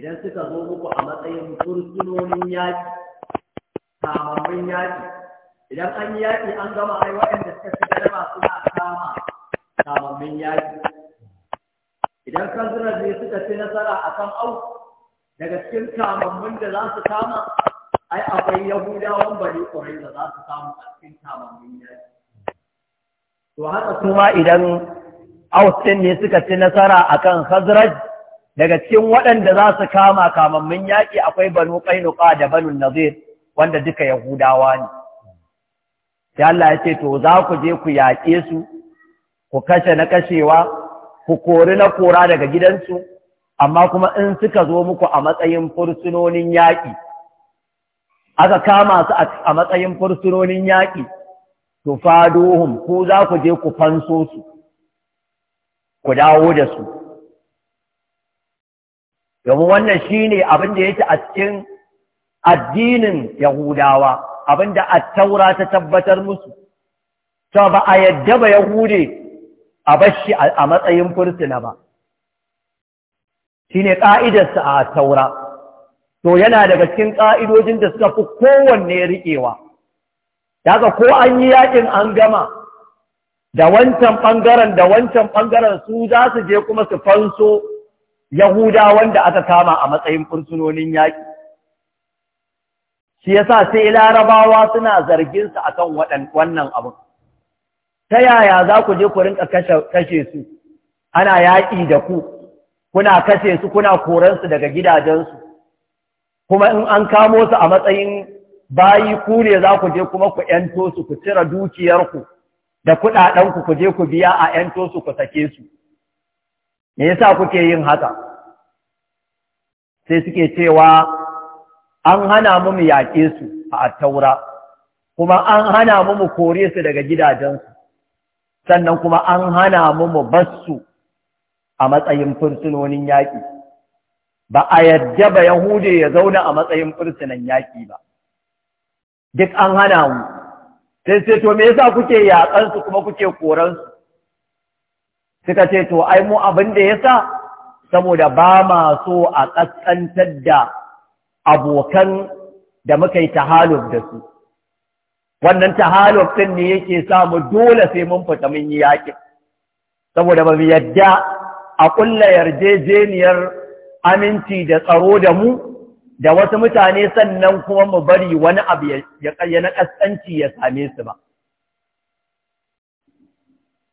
idan suka zo muku a matsayin turkinonin yaki kamammin yaki idan an yi yaki an gama ai waɗanda suka fi galaba suna kama kamamin yaki idan kanzurar ne suka ce nasara a kan au daga cikin kamammin da za su kama ai akwai yahudawan bari ƙwarai da za su samu a cikin kamammin yaki to haka kuma idan austin ne suka ci nasara a kan Hazrat daga cikin waɗanda za su kama kamammin yaƙi akwai banu ƙainuka da banu nazir wanda duka yahudawa ne sai Allah ya ce to za ku je ku yaƙe su ku kashe na kashewa ku kori na kora daga gidansu amma kuma in suka zo muku a matsayin fursunonin yaƙi aka kama su a matsayin fursunonin yaƙi to faduhum ku za ku je ku fanso su ku dawo da su domin wannan shi ne abin da yake a cikin addinin Yahudawa abin da taura ta tabbatar musu to ba a yadda ba Yahude a bashi a matsayin fursuna ba Shi ne ƙa'idarsa a taura to yana daga cikin ƙa'idojin da suka fi kowanne riƙewa daga ko an yi yaƙin an gama da wancan ɓangaren da wancan ɓangaren su za su je kuma su fanso yahuda wanda aka kama a matsayin fursunonin yaƙi shi yasa sai larabawa suna zarginsa akan wannan abin ta yaya za ku je ku rinka kashe su ana yaƙi da ku kuna kashe su kuna koransu daga gidajensu kuma in an kamo su a matsayin bayi ku ne za ku je kuma ku ‘yanto su ku cire dukiyarku da kuɗaɗenku ku je ku biya a ‘yanto su ku sake su me yasa kuke yin haka sai suke cewa an hana mu mu yaƙe su a taura kuma an hana mu mu kore su daga gidajensu sannan kuma an hana mu mu bassu a matsayin fursunonin yaƙi ba a yadda ba yahude ya zauna a matsayin fursunan yaƙi ba duk an hana mu sai sai to me yasa kuke yaƙansu kuma kuke koransu suka ce to ai mu abin da yasa saboda ba ma so a ƙasƙantar da abokan da muka yi tahaluf da su wannan tahaluf ɗin ne yake samu dole sai mun fita mun yi yaƙi saboda ba mu yadda a ƙulla yarjejeniyar aminci da tsaro da mu da wasu mutane sannan kuma mu bari wani abu ya na ƙasƙanci ya same su ba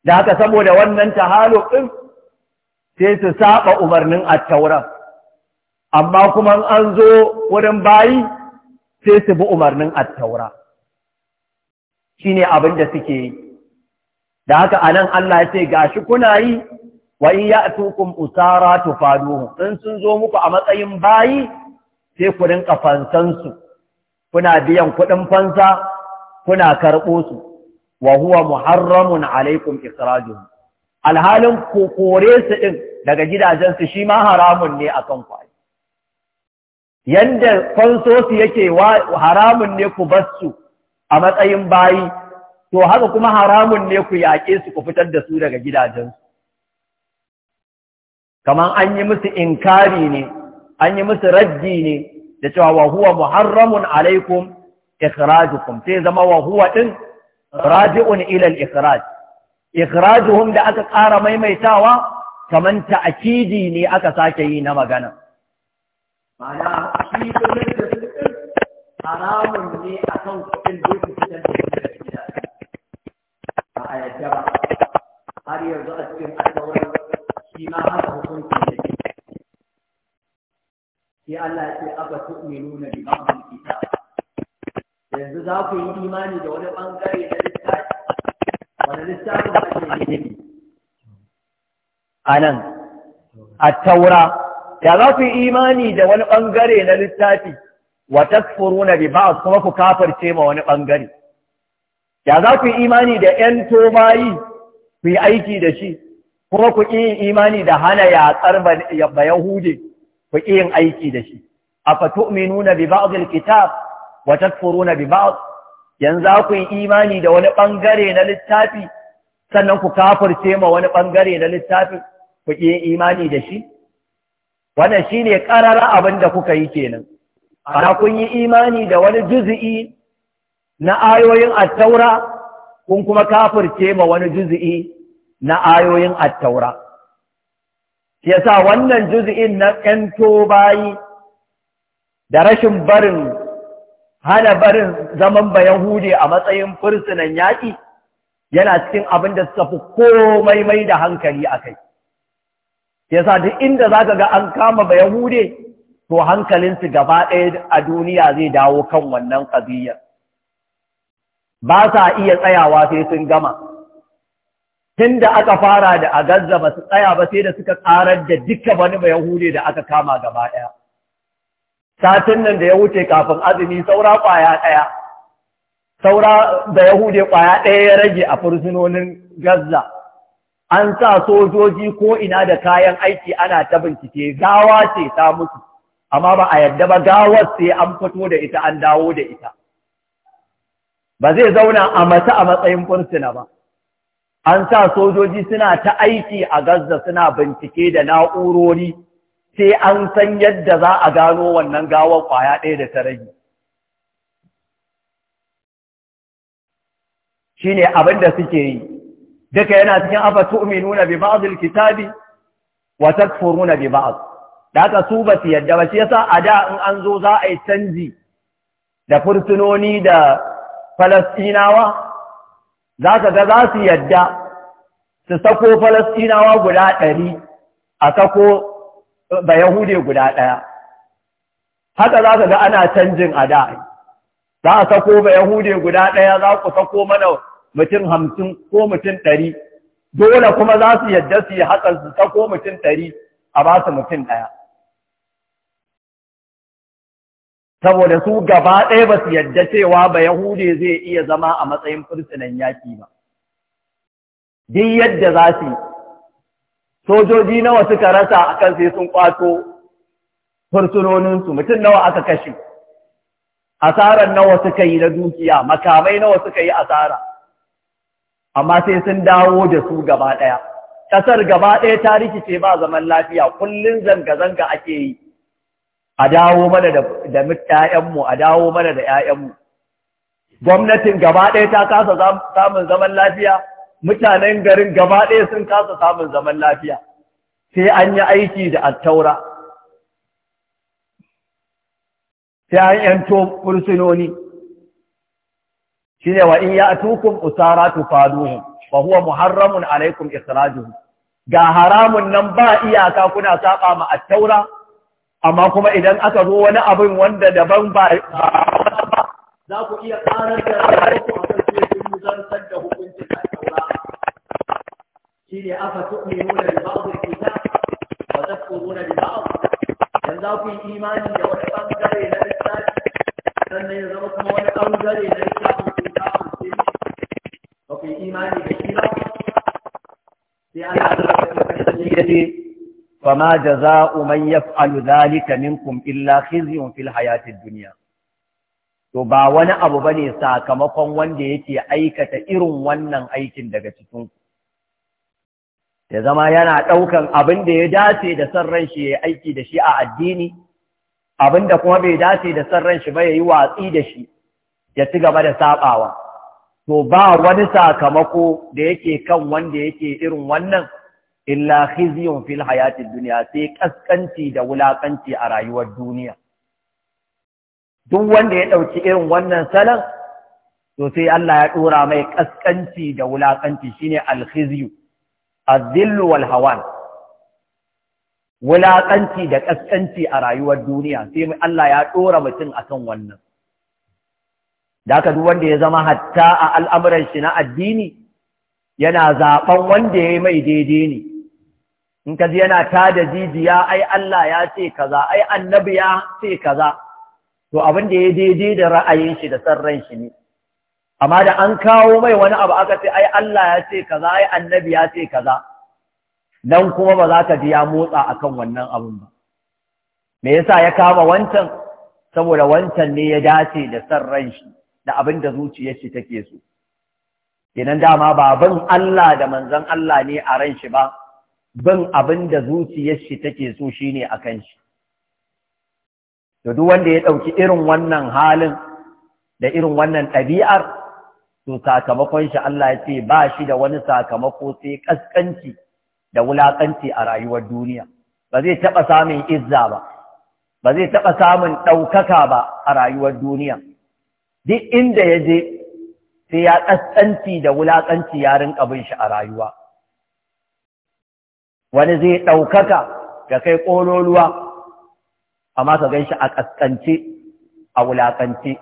da haka saboda wannan tahaluf ɗin sai su saba umarnin attauran amma kuma an zo wurin bayi sai su bi umarnin attaura Shi ne abin da suke yi da haka a nan Allah ya ce ga shi kuna yi wa in usara tufaduhu in sun zo muku a matsayin bayi sai ku rinka fansansu, kuna biyan kuɗin fansa kuna karɓo su wa huwa muharramun alaikum ikrajuhum alhalin ku kore su ɗin daga gidajensu shi ma haramun ne akan kwaye. yanda fansosu yake haramun ne ku bassu a matsayin bayi to haka kuma haramun ne ku yaƙe su ku fitar da su daga gidajensu kamar an yi musu inkari ne an yi musu raddi ne da cewa wa huwa muharramun alaikum ikhrajukum sai zama wa huwa din raji'un ila al-ikhraj ikhrajuhum da aka ƙara maimaitawa kaman ta'kidi ne aka sake yi na magana ma'ana shi kullun haramun ne akan kuɗin yanzu a Allah ya ce aba tu'minu za ku yi imani da wani bangare na lissafi. wani lissafi ba ce ne ne nan, a taura ya za ku yi imani da wani bangare na lissafi wa takfuruna bi ba kuma ku kafarce ma wani bangare ya za ku yi imani da 'yan tomayi ku yi aiki da shi kuma ku ƙi imani da hana yaƙar ba Yahudi, ku ƙi yin aiki da shi A Nuna bi ba'd wata wa na bi ba'd yanzu za ku yi imani da wani ɓangare na littafi sannan ku kafirce ma wani ɓangare na littafi ku yi imani da shi wannan shine ƙarara abin da kuka yi kenan ana kun yi imani da wani juz'i na ayoyin Attaura? kun kuma kafirce ma wani juzi'i na ayoyin attaura Ke sa wannan juzi'in na ƴanto bayi da rashin barin hana barin zaman Bayan Hude a matsayin fursunan yaƙi yana cikin abin da suka fi komai mai da hankali a kai sa duk inda za ka ga an kama Bayan Hude, to hankalinsu gaba ɗaya a duniya zai dawo kan wannan ƙabiyyar ba sa iya tsayawa sai sun gama tun da aka fara da a Gaza ba su tsaya ba sai da suka ƙarar da duka wani mai Yahude da aka kama gaba ɗaya. Satin nan da ya wuce kafin azumi saura ƙwaya ɗaya, saura da Yahude ƙwaya ɗaya ya rage a fursunonin Gaza. An sa sojoji ko ina da kayan aiki ana ta bincike gawa ce ta mutu, amma ba a yadda ba gawar sai an fito da ita an dawo da ita. ba zai zauna a mata a matsayin fursuna ba an sa sojoji suna ta aiki a Gaza suna bincike da na'urori sai an san yadda za a gano wannan gawar kwaya ɗaya da ta rage ne abin da suke yi duka yana cikin afa nuna bi ba'd al-kitabi wa bi ba'az. da aka su ba su yadda ba shi yasa a da in an zo za a yi canji da fursunoni da falastinawa za ka ga za su yadda su sako Falastinawa guda ɗari a sako ba Yahude guda ɗaya. Haka za ka ga ana canjin a da, za a sako ba Yahude guda ɗaya za ku sako mana mutum hamsin ko mutum ɗari, dole kuma za su yadda su yi haka su sako mutum ɗari a ba su mutum ɗaya. saboda su gaba ɗaya ba su yadda cewa ba Yahude zai iya zama a matsayin fursunan yaƙi ba. Duk yadda za su sojoji nawa suka rasa a kan sai sun ƙwato fursunoninsu, mutum nawa aka kashe, asarar nawa suka yi na dukiya, makamai nawa suka yi asara, amma sai sun dawo da su gaba ɗaya. Ƙasar gaba ɗaya ta rikice ba zaman lafiya, kullum zanga-zanga ake yi. a dawo mana da ƴaƴanmu a dawo mana da ƴaƴanmu gwamnatin gaba ɗaya ta kasa samun zaman lafiya mutanen garin gaba ɗaya sun kasa samun zaman lafiya sai an yi aiki da attaura sai an yanto fursunoni ne wa in tukun usara tufaduhum wa huwa muharramun alaikum israjuhum ga haramun nan ba iyaka kuna saba ma attaura amma kuma idan aka zo wani abin wanda daban ba ba za ku iya ƙarar da rayuwarku a kan sai kun zantar da hukunci a taura shi ne aka tu'minu da ba'dul kitab wa tadkuruna bi ba'd dan za ku yi imani da wani bangare na lissafi sannan ya zama kuma wani bangare na lissafi ku ta amince ba ku yi imani da shi ba sai Allah ya ce فما جزاء من يفعل ذلك منكم إلا خزي في الحياة الدنيا to ba wani abu bane sakamakon wanda yake aikata irin wannan aikin daga cikin ya zama yana ɗaukan abin da ya dace da san ran shi ya aiki da shi a addini abin da kuma bai dace da san ran shi ba yayi watsi da shi ya ci gaba da sabawa to ba wani sakamako da yake kan wanda yake irin wannan illa khizyun fil duniya dunya sai kaskanci da wulakanci a rayuwar duniya duk wanda ya dauki irin wannan salon to sai Allah ya dora mai kaskanci da wulakanci shine al khizyu az wal hawan wulakanci da kaskanci a rayuwar duniya sai Allah ya dora mutum akan wannan da haka duk wanda ya zama hatta a al'amuran shi na addini yana zaɓen wanda ya yi mai daidai ne in ka ji yana ta da jijiya ai Allah ya ce kaza ai annabi ya ce kaza to abin da ya daidai da ra'ayin shi da san ran shi ne amma da an kawo mai wani abu aka ce ai Allah ya ce kaza ai annabi ya ce kaza dan kuma ba za ka ji ya motsa akan wannan abun ba me yasa ya kama wancan saboda wancan ne ya dace da san ran shi da abin da zuciyar shi take so kenan dama ba baban Allah da manzon Allah ne a ran shi ba bin abin da zuciyar shi take so shine akan shi to duk wanda ya ɗauki irin wannan halin da irin wannan ɗabi'ar to sakamakon shi Allah ya ce ba shi da wani sakamako sai kaskanci da wulakanci a rayuwar duniya ba zai taɓa samun izza ba ba zai taɓa samun ɗaukaka ba a rayuwar duniya duk inda ya je sai ya ƙasƙanci da wulaƙanci ya rinƙa bin shi a rayuwa wani zai ɗaukaka ka kai ƙololuwa amma ka gan shi a ƙasƙance a wulaƙance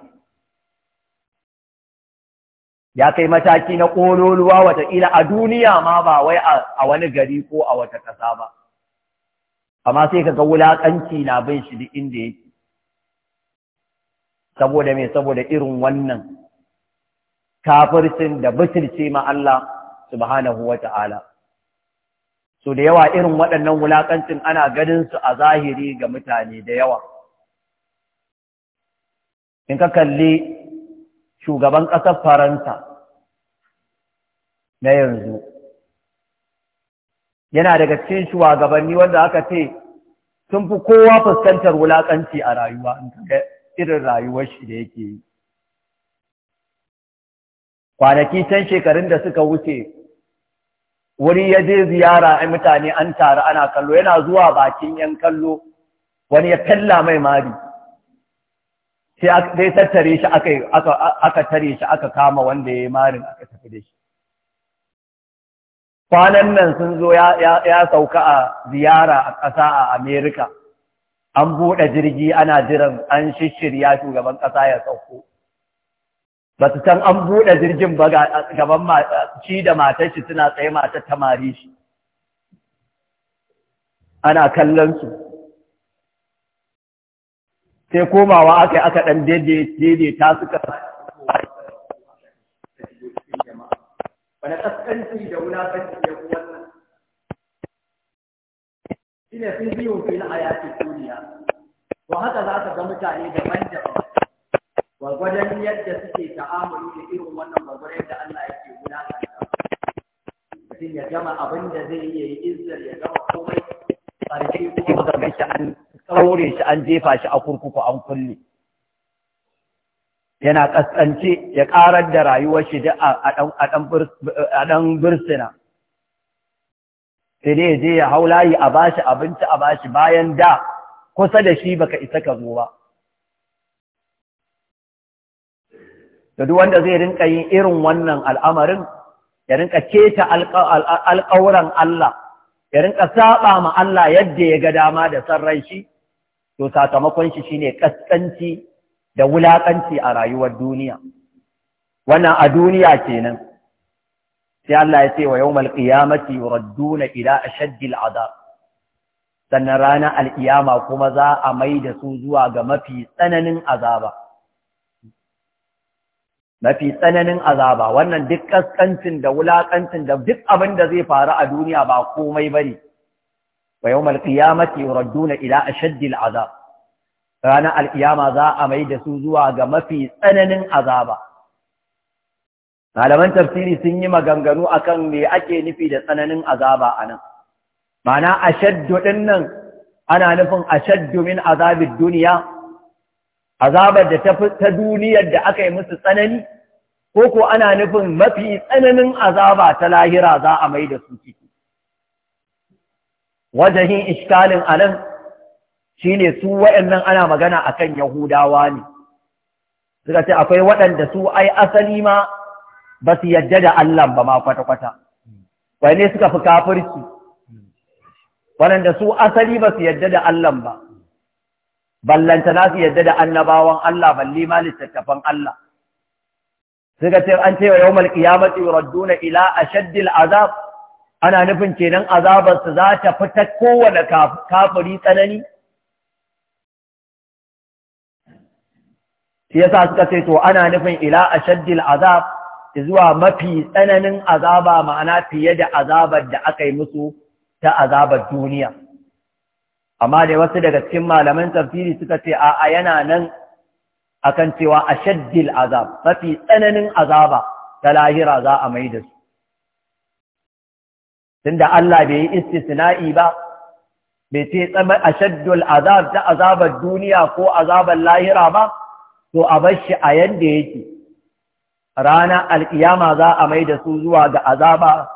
ya kai mataki na ƙololuwa wataƙila a duniya ma ba wai a wani gari ko a wata ƙasa ba amma sai ka ga wulaƙanci na bin shi duk inda yake saboda mai saboda irin wannan kafircin da bitirce ma Allah subhanahu wa ta'ala Su da yawa irin waɗannan wulaƙancin ana ganin su a zahiri ga mutane da yawa in ka kalli shugaban ƙasar faransa na yanzu yana daga cikin shugabanni wanda aka ce sun fi kowa fuskantar wulaƙanci a rayuwa in ka ga irin rayuwar shi da yake yi kwanaki can shekarun da suka wuce wuri ya je ziyara ai mutane an taru ana kallo yana zuwa bakin yan kallo wani ya talla mai mari sai dai tattare shi aka tare shi aka kama wanda ya yi marin aka tafi da shi kwanan nan sun zo ya sauka a ziyara a ƙasa a Amerika an buɗe jirgi ana jiran an shishirya shugaban ƙasa ya sauko ba su san an buɗe jirgin ba gaban shi da matar shi suna tsaye matar tamari shi ana kallon su sai komawa aka yi aka ɗan daidaita suka wani ƙasƙanci da wulaƙanci ya wannan shi ne sun biyu a yaƙi duniya to haka za ka ga mutane daban-daban gwagwadon yadda suke ta'amuli da irin wannan gwagwadon da Allah yake wulakanta mutum ya gama abin da zai iya yi izzar ya gama komai ƙarfi kuma ga shi an tsaure shi an jefa shi a kurkuku an kulle yana kaskance ya ƙarar da rayuwar shi da a ɗan birsina sai dai je ya hau layi a bashi abinci a bashi bayan da kusa da shi baka isa ka zo ba da duk wanda zai rinka yin irin wannan al'amarin ya rinka keta alƙawuran Allah ya rinka saba ma Allah yadda ya ga dama da sarrai shi to sakamakon shi shine kaskanci da wulakanci a rayuwar duniya wannan a duniya kenan sai Allah ya ce wa yawmal qiyamati yuradduna ila ashaddil adab sannan ranar al'iyama kuma za a mai da su zuwa ga mafi tsananin azaba mafi tsananin azaba wannan duk kaskancin da wulakancin da duk abin da zai faru a duniya ba komai bane wa yawmal qiyamati yuradduna ila ashaddil azab ranar alkiyama za a mai da su zuwa ga mafi tsananin azaba malaman tafsiri sun yi maganganu akan me ake nufi da tsananin azaba anan ma'ana ashaddu dinnan nan ana nufin ashaddu min azabid duniya azabar da ta duniyar da aka yi musu tsanani ko ko ana nufin mafi tsananin azaba ta lahira za a mai da su ciki wajahin iskalin anan shine su waɗannan ana magana akan yahudawa ne suka ce akwai waɗanda su ai asali ma ba su yadda da Allah ba ma kwata-kwata wane suka fi kafirci waɗanda su asali ba su yadda da Allah ba ballanta na su yadda da annabawan Allah balli ma littattafan Allah suka ce an cewa yawmal qiyamati yuradduna ila ashaddil azab ana nufin kenan azabar su za ta fita kowane kafiri tsanani shi yasa suka ce to ana nufin ila ashaddil azab zuwa mafi tsananin azaba ma'ana fiye da azabar da aka yi musu ta azabar duniya amma dai wasu daga cikin malaman tafsiri suka ce a'a yana nan akan cewa ashaddil azab mafi tsananin azaba ta lahira za a mai da su tunda Allah bai yi istisna'i ba bai ce ashaddul azab ta azabar duniya ko azabar lahira ba to a bar shi a yanda yake ranar alkiyama za a mai da su zuwa ga azaba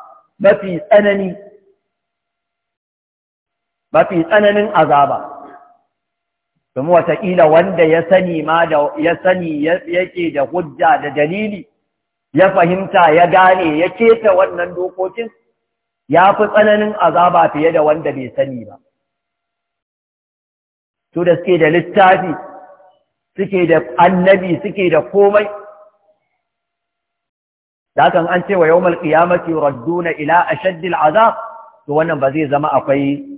mafi tsanani mafi tsananin azaba domin wataƙila wanda ya sani ma da ya sani yake da hujja da dalili ya fahimta ya gane ya keta wannan dokokin ya fi tsananin azaba fiye da wanda bai sani ba su da suke da littafi suke da annabi suke da komai da kan an ce wa yawmal qiyamati radduna ila ashaddil azab to wannan ba zai zama akwai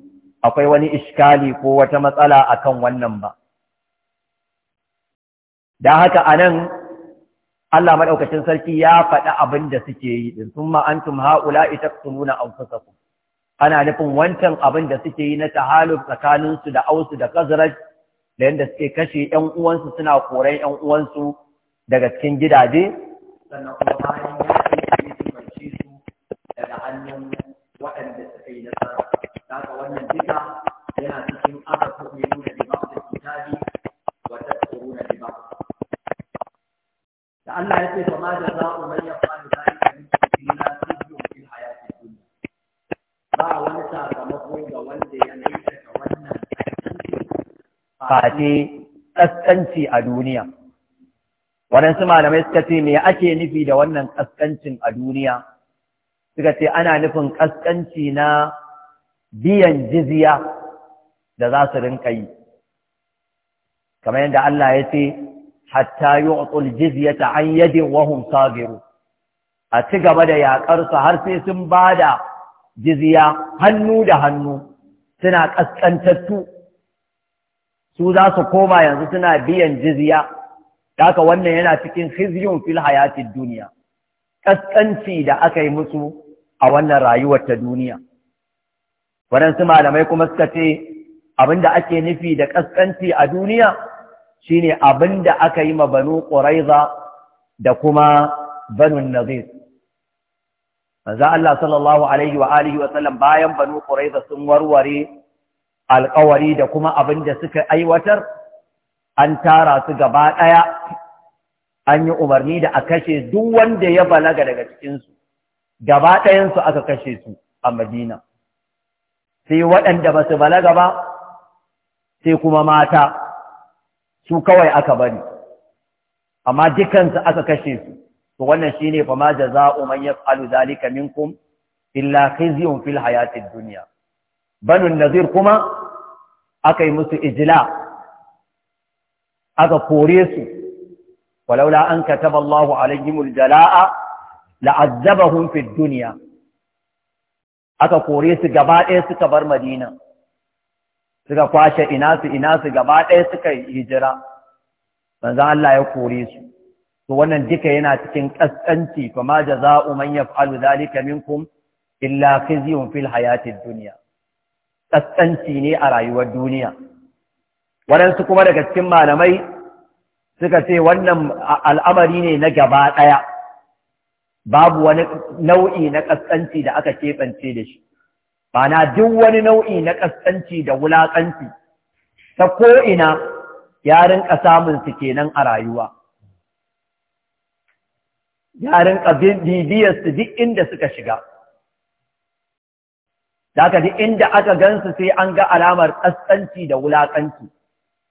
akwai wani iskali ko wata matsala akan wannan ba da haka a nan, Allah maɗaukacin sarki ya faɗi abin da suke yi din ita antum nuna taqtuluna saku. ana nufin wancan abin da suke yi na tahaluf tsakaninsu da ausu da kazraj da yadda suke kashe ‘yan uwansu suna koren ‘yan uwansu daga cikin gidaje, sannan kuma bayan ya su daga hannun waɗanda suka yi nasara. wannan duka yana cikin aka tu'minu da bi ba'd kitabi wa tadkuruna bi ba'd da Allah ya ce fa ma jaza'u man yaf'alu dhalika minkum illa khizyun fil hayati dunya ba wani sakamako ga wanda ya aikata wannan fate kaskanci a duniya waɗansu malamai suka ce me ake nufi da wannan kaskancin a duniya suka ce ana nufin kaskanci na biyan jizya da za su rinka yi kamar yadda Allah ya ce hatta yu'tul ta an yadi wa hum sabiru a ci gaba da yaƙarsa, har sai sun ba da jizya hannu da hannu suna kaskantattu su za su koma yanzu suna biyan jizya haka wannan yana cikin khizyun fil hayatid duniya kaskanci da aka yi musu a wannan rayuwar ta duniya waɗansu malamai kuma suka ce abinda ake nufi da ƙasƙanci a duniya shine abinda aka yi ma banu da kuma banun nazir manzo Allah sallallahu alaihi wa alihi wa bayan banu sun warware alƙawari da kuma abinda suka aiwatar an tara su gaba ɗaya an yi umarni da a kashe duk wanda ya balaga daga cikinsu gaba ɗayansu aka kashe su a Madina sai waɗanda ba su balaga ba sai kuma mata su kawai aka bari amma dukansu aka kashe su to wannan shine fa ma jaza'u man yaf'alu zalika minkum illa khizyun fil hayatid dunya banu nazir kuma yi musu ijila aka kore su walaula an kataballahu Allahu alaihimul jala'a la'azzabahum fid duniya. aka kore su gaba ɗaya suka bar madina suka kwashe ina su ina su gaba ɗaya suka hijira manzon Allah ya kore su to wannan duka yana cikin kaskanci fa ma jazaa'u man yaf'alu dhalika minkum illa khizyun fil hayatid dunya kaskanci ne a rayuwar duniya waɗansu kuma daga cikin malamai suka ce wannan al'amari ne na gaba ɗaya babu wani nau'i na ƙasƙanci da aka keɓance da shi bana duk wani nau'i na ƙasƙanci da wulaƙanci ta ko'ina ya rinƙa samun su kenan a rayuwa ya rinƙa bibiyar su duk inda suka shiga Daka duk inda aka gansu sai an ga alamar ƙasƙanci da wulaƙanci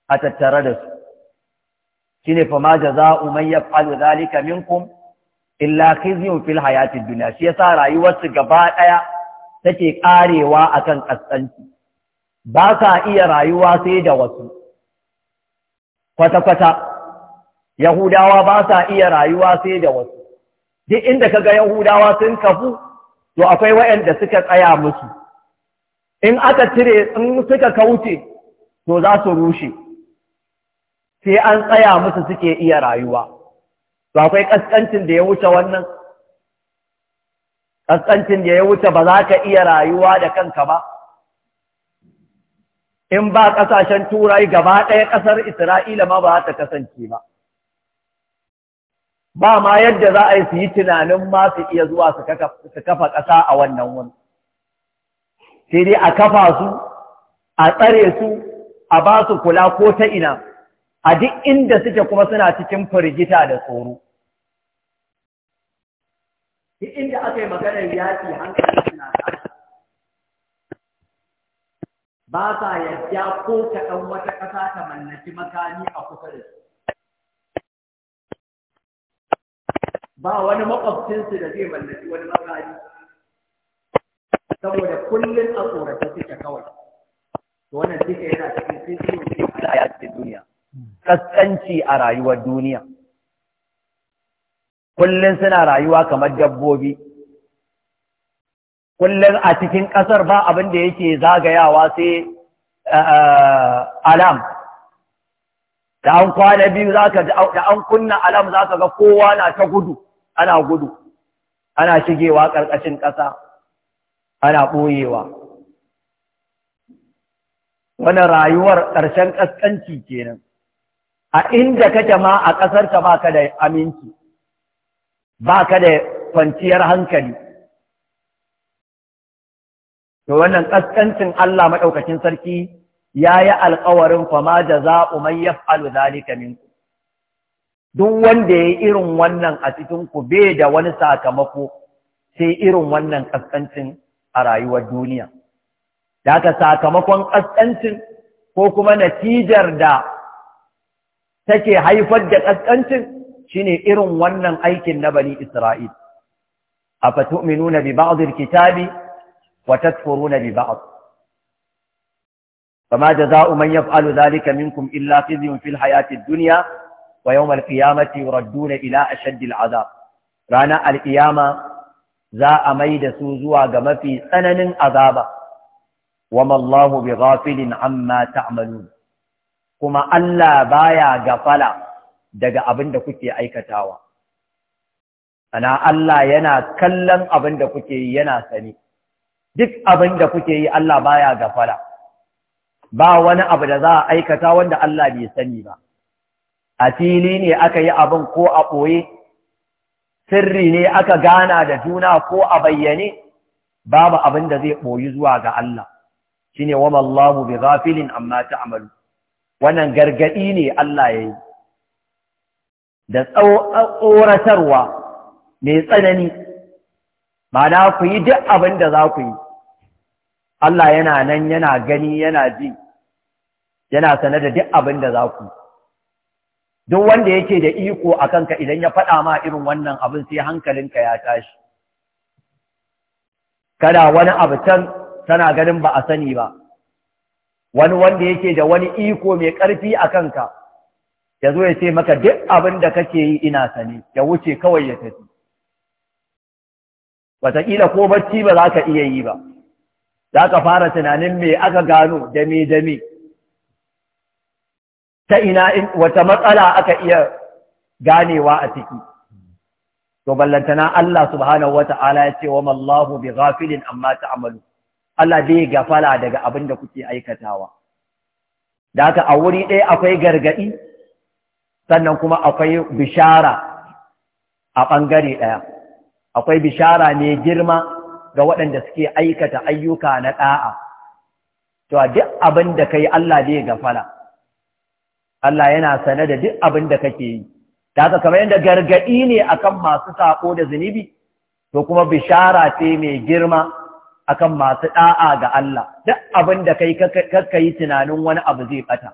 a tattare da su. Shi ne fa ma jaza'u man yaf'alu zalika minkum illa khizyun fil hayati dunya shi yasa rayuwarsu gaba daya take karewa akan kasanci ba sa iya rayuwa sai da wasu kwata kwata yahudawa ba sa iya rayuwa sai da wasu duk inda kaga yahudawa sun kafu to akwai waɗanda suka tsaya musu in aka cire in suka kauce to za su rushe sai an tsaya musu suke iya rayuwa to akwai kaskancin da ya wuce wannan kaskancin da ya wuce ba za ka iya rayuwa da kanka ba in ba ƙasashen turai gaba ɗaya ƙasar isra'ila ma ba za ta kasance ba ba ma yadda za a yi su yi tunanin ma su iya zuwa su kafa ƙasa a wannan wani sai dai a kafa su a tsare su a ba su kula ko ta ina a duk inda suke kuma suna cikin firgita da tsoro duk inda aka yi maganar yaƙi hankali suna tashi ba sa yadda ko kaɗan wata ƙasa ta mallaki makami a kusa da su ba wani makwabcinsu da zai mallaki wani makami saboda kullum a tsorata suke kawai wannan duka yana cikin sirrin a duniya kaskanci a rayuwar duniya kullum suna rayuwa kamar dabbobi kullum a cikin ƙasar ba abin da yake zagayawa sai eh, eh, alam da an kwana biyu da an kunna alam za ka ga kowa na ta gudu ana gudu ana shigewa ƙarƙashin ƙasa ana ɓoyewa wani rayuwar ƙarshen ƙasƙanci kenan a inda kake ma a ƙasarka ba ka da aminci ba ka da kwanciyar hankali to wannan ƙasƙancin Allah maɗaukacin sarki ya yi alƙawarin kwama da za umar ya yaf'alu zalika minku duk wanda ya yi irin wannan a cikinku bai da wani sakamako sai irin wannan ƙasƙancin a rayuwar duniya da ka sakamakon ƙasƙancin ko kuma natijar da take haifar da ƙasƙancin shine irin wannan aikin na bani Isra'il afatu'minuna bi ba'd al-kitabi wa takfuruna bi ba'd fama jazaa'u man yaf'alu dhalika minkum illa khizyun fil hayati ad wa yawm al raduna ila ashaddi al-'adab rana al za a maida su zuwa ga mafi tsananin azaba wama Allahu gafilin amma ta'malun kuma Allah baya gafala daga abin da kuke aikatawa ana Allah yana kallon abin da kuke yi yana sani duk abin da kuke yi Allah baya gafara ba wani abu da za a aikata wanda Allah bai sani ba a fili ne aka yi abin ko a ɓoye sirri ne aka gana da juna ko a bayyane babu abin da zai ɓoyi zuwa ga Allah shine wa mallahu bi ghafilin amma ta'malu wannan gargadi ne Allah yayi da tsoratarwa mai tsanani mana ku yi duk abin da za ku yi Allah yana nan yana gani yana ji yana sanar da duk abin da za ku duk wanda yake da iko a kanka idan ya faɗa ma irin wannan abin sai hankalinka ya tashi kada wani abu can tana ganin ba a sani ba wani wanda yake da wani iko mai ƙarfi a kanka ya zo ya ce maka duk abin da kake yi ina sane ya wuce kawai ya tafi wataƙila ko bacci ba za ka iya yi ba za ka fara tunanin me aka gano da me ta ina in wata matsala aka iya ganewa a ciki to ballantana Allah subhanahu wata'ala ya ce wa mallahu bi ghafilin amma ta'malu Allah bai gafala daga abin da kuke aikatawa da haka a wuri ɗaya akwai gargaɗi sannan kuma akwai bishara a ɓangare ɗaya akwai bishara mai girma ga waɗanda suke aikata ayyuka na ɗa'a to duk abin da ka yi Allah zai gafala Allah yana sane da duk abin da kake yi ta haka kamar yadda gargaɗi ne akan masu saƙo da zunubi to kuma bishara ce mai girma akan masu ɗa'a ga Allah duk abin da kai kakka yi tunanin wani abu zai ɓata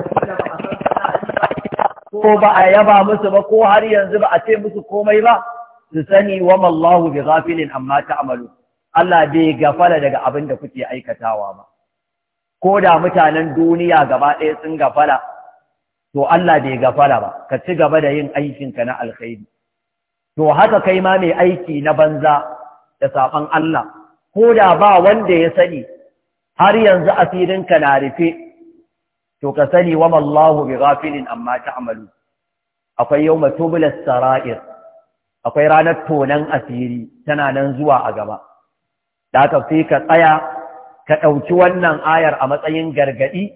ko ba a yaba musu ba ko har yanzu ba a ce musu komai ba su sani wa mallahu bi ghafilin amma ta'malu Allah bai gafala daga abin da kuke aikatawa ba ko da mutanen duniya gaba ɗaya sun gafala to Allah bai gafala ba ka ci gaba da yin aikinka na alkhairi to haka kai ma mai aiki na banza da saban Allah ko da ba wanda ya sani har yanzu asirinka na rufe to ka sani wa mallahu bi ghafilin amma ta'malu akwai yawma tubulas sara'ir akwai ranar tonan asiri tana nan zuwa a gaba da ka sai ka tsaya ka ɗauki wannan ayar a matsayin gargaɗi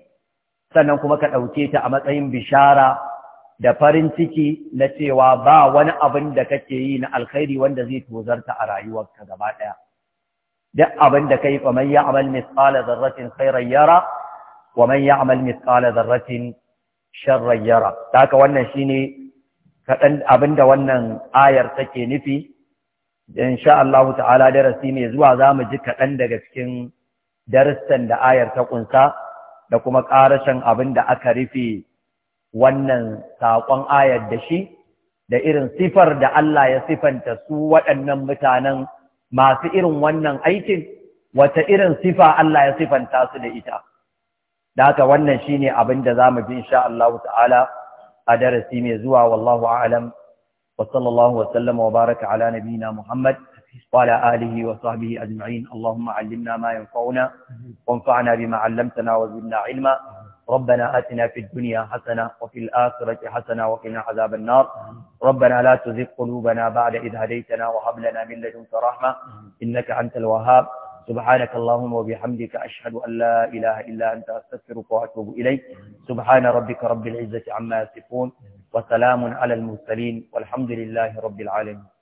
sannan kuma ka ɗauke ta a matsayin bishara da farin ciki na cewa ba wani abin da kake yi na alkhairi wanda zai tozarta a rayuwarka gaba ɗaya duk abin da kai fa ya amal mithqala dharratin khairan yara wa man ya'mal mithqala dharratin sharran yara wannan shine kadan abinda wannan ayar take nufi insha Allah ta'ala darasi mai zuwa zamu ji kadan daga cikin darussan da ayar ta kunsa da kuma karashin abinda aka rufe wannan saƙon ayar da shi da irin sifar da Allah ya sifanta su waɗannan mutanen masu irin wannan aikin, wata irin sifa Allah ya sifanta su da ita. da haka wannan shine abin da mu ji insha Allah ta'ala a darasi mai zuwa wallahu a'lam wa sallallahu wa sallama wa baraka ala nabiyyina Muhammad wa ala alihi wa sahbihi ajma'in Allahumma 'allimna ma yanfa'una wanfa'na bima 'allamtana wa zidna 'ilma ربنا آتنا في الدنيا حسنة وفي الآخرة حسنة وقنا عذاب النار ربنا لا تزغ قلوبنا بعد إذ هديتنا وهب لنا من لدنك رحمة إنك أنت الوهاب سبحانك اللهم وبحمدك أشهد أن لا إله إلا أنت أستغفرك وأتوب إليك سبحان ربك رب العزة عما يصفون وسلام على المرسلين والحمد لله رب العالمين